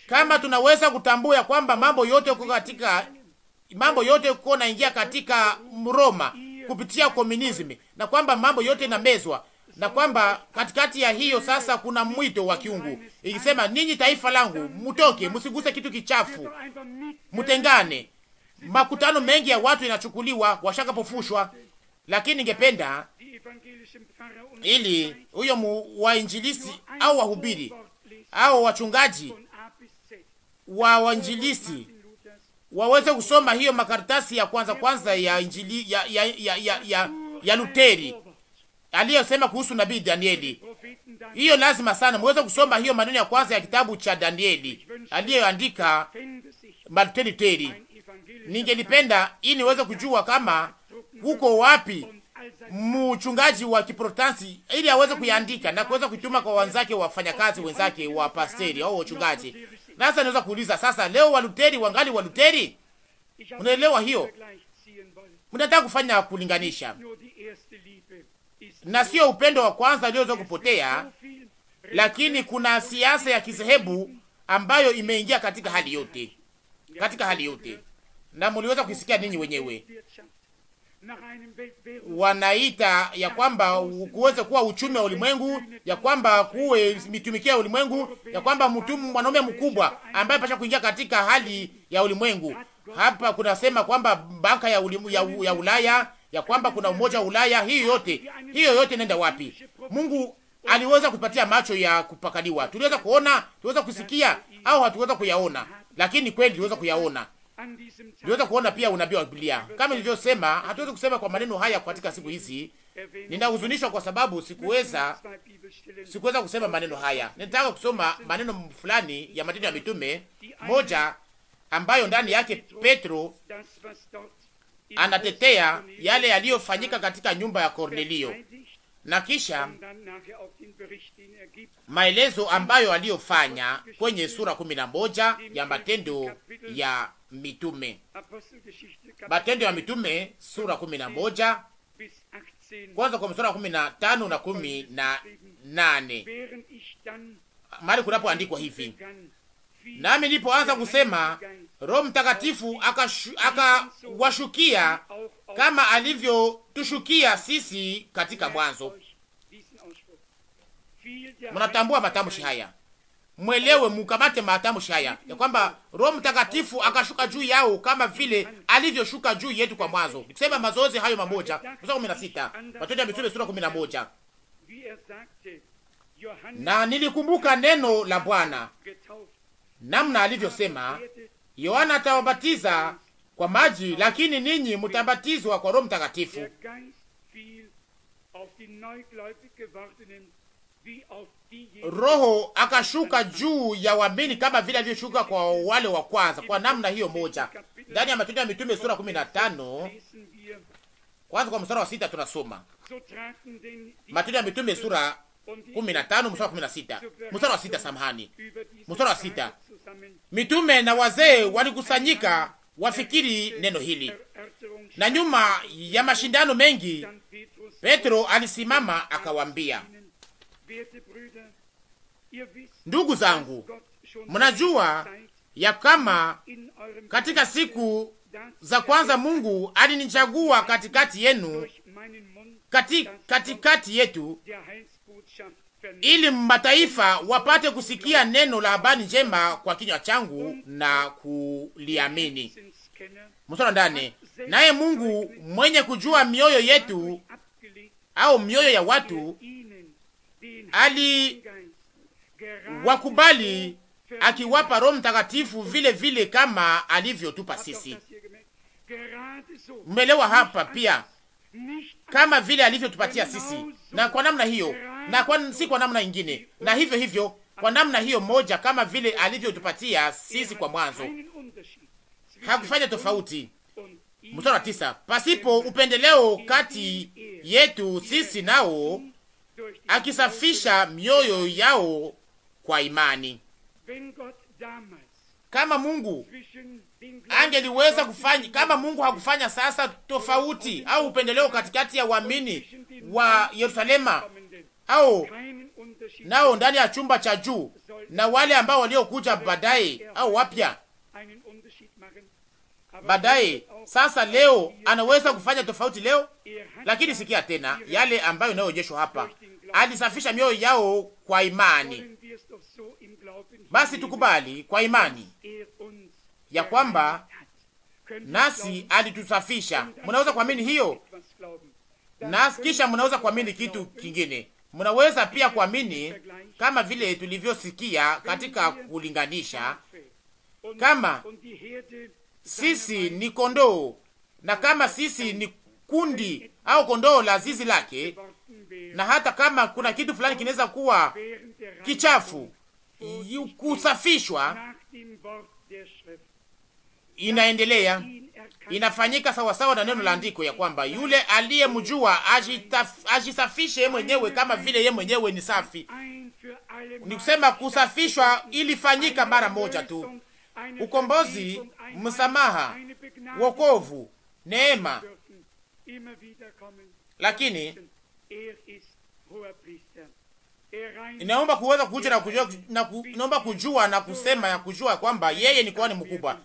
B: kama tunaweza kutambua kwamba mambo yote uko katika mambo yote uko naingia katika Roma kupitia komunizmi na kwamba mambo yote inamezwa na kwamba katikati ya hiyo sasa kuna mwito wa kiungu ikisema, ninyi taifa langu, mtoke, msiguse kitu kichafu, mtengane. Makutano mengi ya watu inachukuliwa washakapofushwa, lakini ningependa ili huyo wainjilisi au wahubiri au wachungaji wa wainjilisi waweze kusoma hiyo makaratasi ya kwanza kwanza ya injili ya, ya, ya, ya, ya, ya Luteri aliyosema kuhusu nabii Danieli. Hiyo lazima sana muweze kusoma hiyo maneno ya kwanza ya kitabu cha Danieli aliyoandika Martin Luther. Ningelipenda ili niweze kujua kama huko wapi mchungaji wa Kiprotestanti ili aweze kuiandika na kuweza kutuma kwa wanzake wafanyakazi wenzake wa pasteri au wachungaji. Sasa naweza kuuliza sasa, leo Waluteri wangali Waluteri? Unaelewa hiyo? Mnataka kufanya kulinganisha na sio upendo wa kwanza ulioweza kupotea, lakini kuna siasa ya kisehebu ambayo imeingia katika hali yote, katika hali yote, na mliweza kuisikia ninyi wenyewe. Wanaita ya kwamba kuweze kuwa uchumi wa ulimwengu, ya kwamba kuwe mitumikio ya ulimwengu, ya kwamba mtu mwanaume mkubwa ambaye pasha kuingia katika hali ya ulimwengu. Hapa kunasema kwamba banka ya, ulimu, ya, ya Ulaya ya kwamba kuna umoja wa Ulaya. Hiyo yote hiyo yote inaenda wapi? Mungu aliweza kupatia macho ya kupakaliwa, tuliweza kuona, tuliweza kusikia au hatuweza kuyaona, lakini kweli tuliweza kuyaona, tuliweza kuona pia unabii wa Biblia. Kama nilivyosema, hatuwezi kusema kwa maneno haya katika siku hizi.
C: Ninahuzunishwa
B: kwa sababu sikuweza sikuweza kusema maneno haya. Nitaka kusoma maneno fulani ya Matendo ya Mitume moja ambayo ndani yake Petro anatetea yale yaliyofanyika katika nyumba ya Kornelio na kisha maelezo ambayo aliyofanya kwenye sura kumi na moja ya Matendo ya Mitume, Matendo ya Mitume sura kumi na moja kwanza kwa mstari kumi na tano na kumi na nane mahali kunapoandikwa hivi: nami nilipoanza kusema Roho Mtakatifu akawashukia aka kama alivyotushukia sisi katika mwanzo. Mnatambua matamshi haya, mwelewe, mukamate matamshi haya ya kwamba Roho Mtakatifu akashuka juu yao kama vile alivyoshuka juu yetu kwa mwanzo. Nikusema mazoezi hayo mamoja, mstari kumi na sita Matendo ya Mitume sura kumi na moja na nilikumbuka neno la Bwana namna alivyosema Yohana atawabatiza kwa maji, lakini ninyi mutabatizwa kwa Roho Mtakatifu.
A: Roho
B: akashuka juu ya waamini kama vile alivyoshuka kwa wale wa kwanza, kwa namna hiyo moja. Ndani ya Matendo ya Mitume sura 15 kwanza kwa mstari wa sita tunasoma Matendo ya Mitume sura 15 mstari wa 16, mstari wa sita, samahani, mstari wa sita mitume na wazee walikusanyika wafikiri neno hili, na nyuma ya mashindano mengi, Petro alisimama akawambia, ndugu zangu, mnajua ya kama katika siku za kwanza Mungu alinichagua katikati yenu, kati, katikati yetu ili mataifa wapate kusikia neno la habari njema kwa kinywa changu na kuliamini. Mstari ndani, naye Mungu mwenye kujua mioyo yetu au mioyo ya watu ali wakubali akiwapa Roho Mtakatifu vile vile kama alivyotupa sisi. Mmelewa hapa pia, kama vile alivyotupatia sisi, na kwa namna hiyo na kwa, si kwa namna ingine. Na hivyo hivyo kwa namna hiyo moja, kama vile alivyotupatia sisi kwa mwanzo, hakufanya tofauti. Mstari tisa, pasipo upendeleo kati yetu sisi nao, akisafisha mioyo yao kwa imani. Kama Mungu angeliweza kufanya, kama Mungu hakufanya sasa tofauti au upendeleo katikati ya waamini wa Yerusalema au nao ndani ya chumba cha juu na wale ambao waliokuja baadaye au wapya baadaye. Er sasa leo anaweza kufanya tofauti leo, er lakini sikia tena yale ambayo inayoonyeshwa hapa, alisafisha mioyo yao kwa imani. Basi tukubali kwa imani er ya kwamba nasi alitusafisha. Mnaweza kuamini hiyo, na kisha mnaweza kuamini kitu kingine Munaweza pia kuamini kama vile tulivyosikia katika kulinganisha, kama sisi ni kondoo na kama sisi ni kundi au kondoo la zizi lake, na hata kama kuna kitu fulani kinaweza kuwa kichafu kusafishwa, inaendelea inafanyika sawasawa na neno la andiko ya kwamba yule aliyemjua ajisafishe mwenyewe kama vile ye mwenyewe ni safi. Ni kusema kusafishwa ilifanyika mara moja tu. Ukombozi, msamaha,
A: wokovu, neema, lakini inaomba
B: kuweza kuja na kujua na, ku, kujua na kusema ya kujua kwamba yeye ni kuhani mkubwa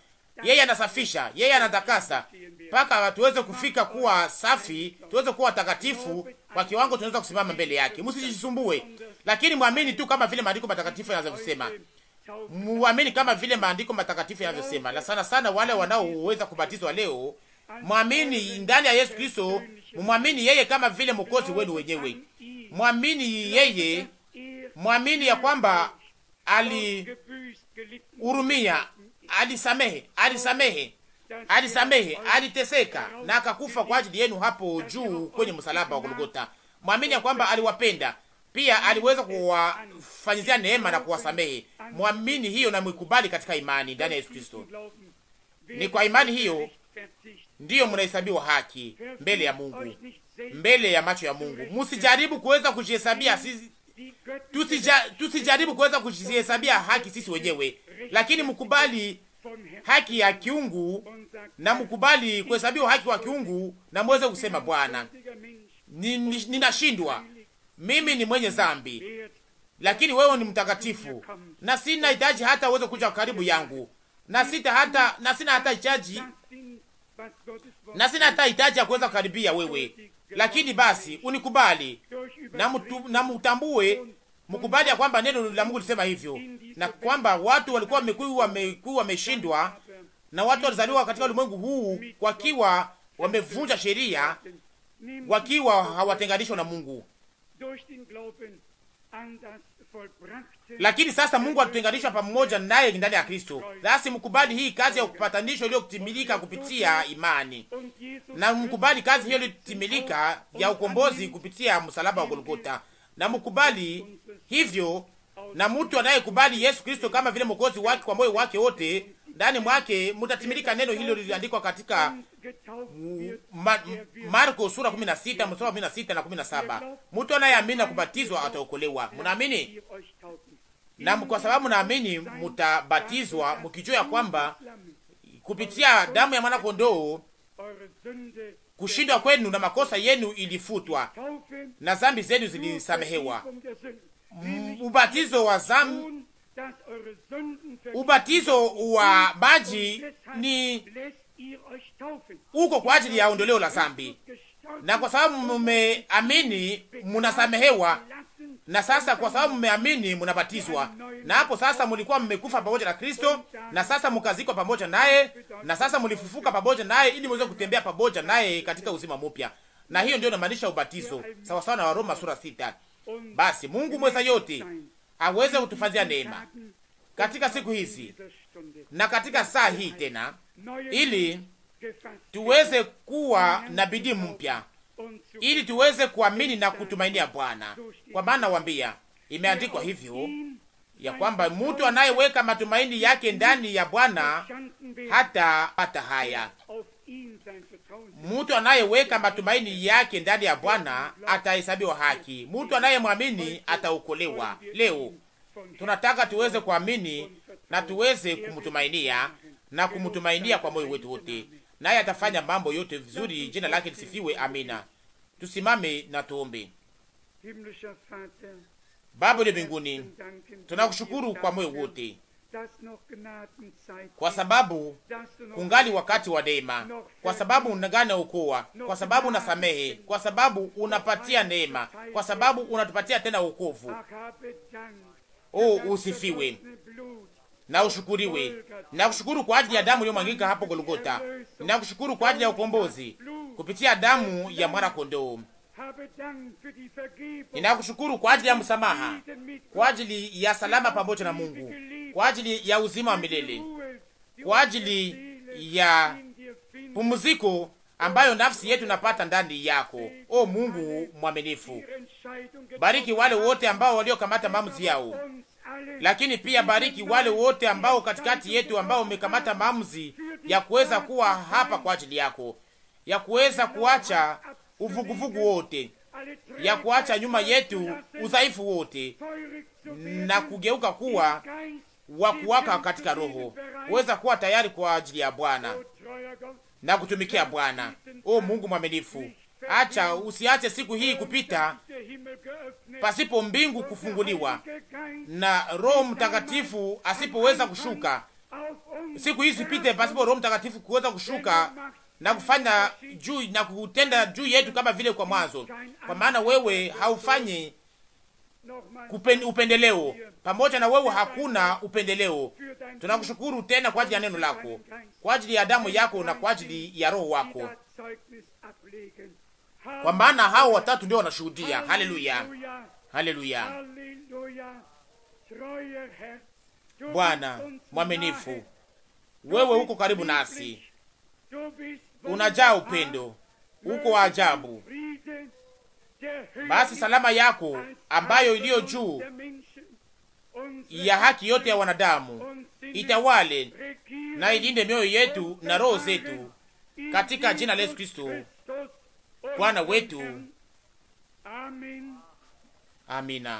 B: yeye anasafisha, yeye anatakasa, mpaka tuweze kufika kuwa safi, tuweze kuwa takatifu kwa kiwango tunaweza kusimama mbele yake. Msijisumbue, lakini mwamini tu kama vile maandiko matakatifu yanavyosema. mwamini kama vile maandiko matakatifu yanavyosema, na sana sana wale wanaoweza kubatizwa leo, mwamini ndani ya Yesu Kristo, mwamini yeye kama vile mwokozi wenu wenyewe. Mwamini yeye, mwamini ya kwamba
C: alihurumia
B: alisamehe, alisamehe, alisamehe, aliteseka na akakufa kwa ajili yenu hapo juu kwenye msalaba wa Golgotha. Mwamini ya kwamba aliwapenda pia, aliweza kuwafanyizia neema na kuwasamehe. Mwamini hiyo na mwikubali katika imani ndani ya Yesu Kristo. Ni kwa imani hiyo ndiyo mnahesabiwa haki mbele ya Mungu, mbele ya macho ya Mungu. Msijaribu kuweza kujihesabia sisi Tusija, tusijaribu kuweza kujihesabia haki sisi wenyewe, lakini mkubali haki ya kiungu na mkubali kuhesabiwa haki wa kiungu, na mweze kusema Bwana, ninashindwa ni, ni mimi ni mwenye zambi, lakini wewe ni mtakatifu, na sina hitaji hata uweze kuja karibu yangu, na sita hata na sina hata hitaji na sina hata hitaji ya kuweza kukaribia wewe lakini basi unikubali na, na mutambue mkubali ya kwamba neno la Mungu lisema hivyo, na kwamba watu walikuwa wamekuwa wameshindwa, na watu walizaliwa katika ulimwengu huu wakiwa wamevunja sheria, wakiwa hawatenganishwa na Mungu
A: lakini sasa Mungu
B: alituunganisha pamoja naye ndani ya Kristo, nasi mkubali hii kazi ya kupatanisho iliyotimilika kupitia imani, na mkubali kazi hiyo iliyotimilika ya ukombozi kupitia msalaba wa Golgota, na mkubali hivyo. Na mtu anayekubali Yesu Kristo kama vile mwokozi wake kwa moyo wake wote, ndani mwake mtatimilika neno hilo liliandikwa katika Ma, Marko sura 16 mstari wa 16 na 17. Mtu anayeamini na kubatizwa ataokolewa. Mnaamini? na kwa sababu naamini mutabatizwa mkijua ya kwamba kupitia damu ya mwana kondoo kushindwa kwenu na makosa yenu ilifutwa na zambi zenu zilisamehewa. Ubatizo wa zam...
A: ubatizo wa maji ni
B: uko kwa ajili ya ondoleo la zambi, na kwa sababu mmeamini munasamehewa na sasa kwa sababu mmeamini mnabatizwa, na hapo sasa mlikuwa mmekufa pamoja na Kristo, na sasa mkazikwa pamoja naye, na sasa mlifufuka pamoja naye, ili mweze kutembea pamoja naye katika uzima mpya. Na hiyo ndio inamaanisha ubatizo, sawa sawa na Waroma sura sita. Basi Mungu mweza yote aweze kutufanyia neema katika siku hizi na katika saa hii tena, ili tuweze kuwa na bidii mpya ili tuweze kuamini na kutumainia Bwana, kwa maana wambia imeandikwa hivyo ya kwamba mtu anayeweka matumaini yake ndani ya Bwana hata pata haya. Mtu anayeweka matumaini yake ndani ya Bwana atahesabiwa haki. Mtu anayemwamini ataokolewa. Leo tunataka tuweze kuamini na tuweze kumtumainia na kumtumainia kwa moyo wetu wote, naye atafanya mambo yote vizuri. Jina lake lisifiwe, amina. Tusimame na tuombe. Uh, Baba ya mbinguni,
A: tunakushukuru kwa moyo wote kwa sababu ungali
B: wakati wa neema, kwa sababu unagana ukoa, kwa sababu unasamehe, kwa sababu unapatia neema, kwa sababu unatupatia tena wokovu. Oh, usifiwe na ushukuriwe. Na kushukuru kwa ajili ya damu iliyomwangika hapo Golgota, na kushukuru kwa ajili ya ukombozi kupitia damu ya mwana kondoo. Ninakushukuru kwa ajili ya msamaha, kwa ajili ya salama pamoja na Mungu, kwa ajili ya uzima wa milele, kwa ajili ya pumziko ambayo nafsi yetu napata ndani yako. O Mungu mwaminifu, bariki wale wote ambao waliokamata maamuzi yao lakini pia bariki wale wote ambao katikati yetu ambao wamekamata maamuzi ya kuweza kuwa hapa kwa ajili yako, ya kuweza kuacha uvuguvugu wote, ya kuacha nyuma yetu udhaifu wote na kugeuka kuwa wa kuwaka katika roho, kuweza kuwa tayari kwa ajili ya Bwana na kutumikia Bwana. O Mungu mwaminifu, Acha usiache siku hii kupita pasipo mbingu kufunguliwa na Roho Mtakatifu asipoweza kushuka. Siku hii zipite pasipo Roho Mtakatifu kuweza kushuka na kufanya juu na kutenda juu yetu kama vile kwa mwanzo, kwa maana wewe haufanyi upendeleo. Pamoja na wewe hakuna upendeleo. Tunakushukuru tena kwa ajili ya neno lako, kwa ajili ya damu yako na kwa ajili ya roho wako kwa maana hao watatu ndio wanashuhudia. Haleluya, haleluya.
A: Bwana mwaminifu,
B: wewe uko karibu nasi,
A: unajaa upendo, uko ajabu.
B: Basi salama yako ambayo iliyo juu ya haki yote ya wanadamu itawale na ilinde mioyo yetu na roho zetu katika jina la Yesu Kristo. Bwana wetu. Amina.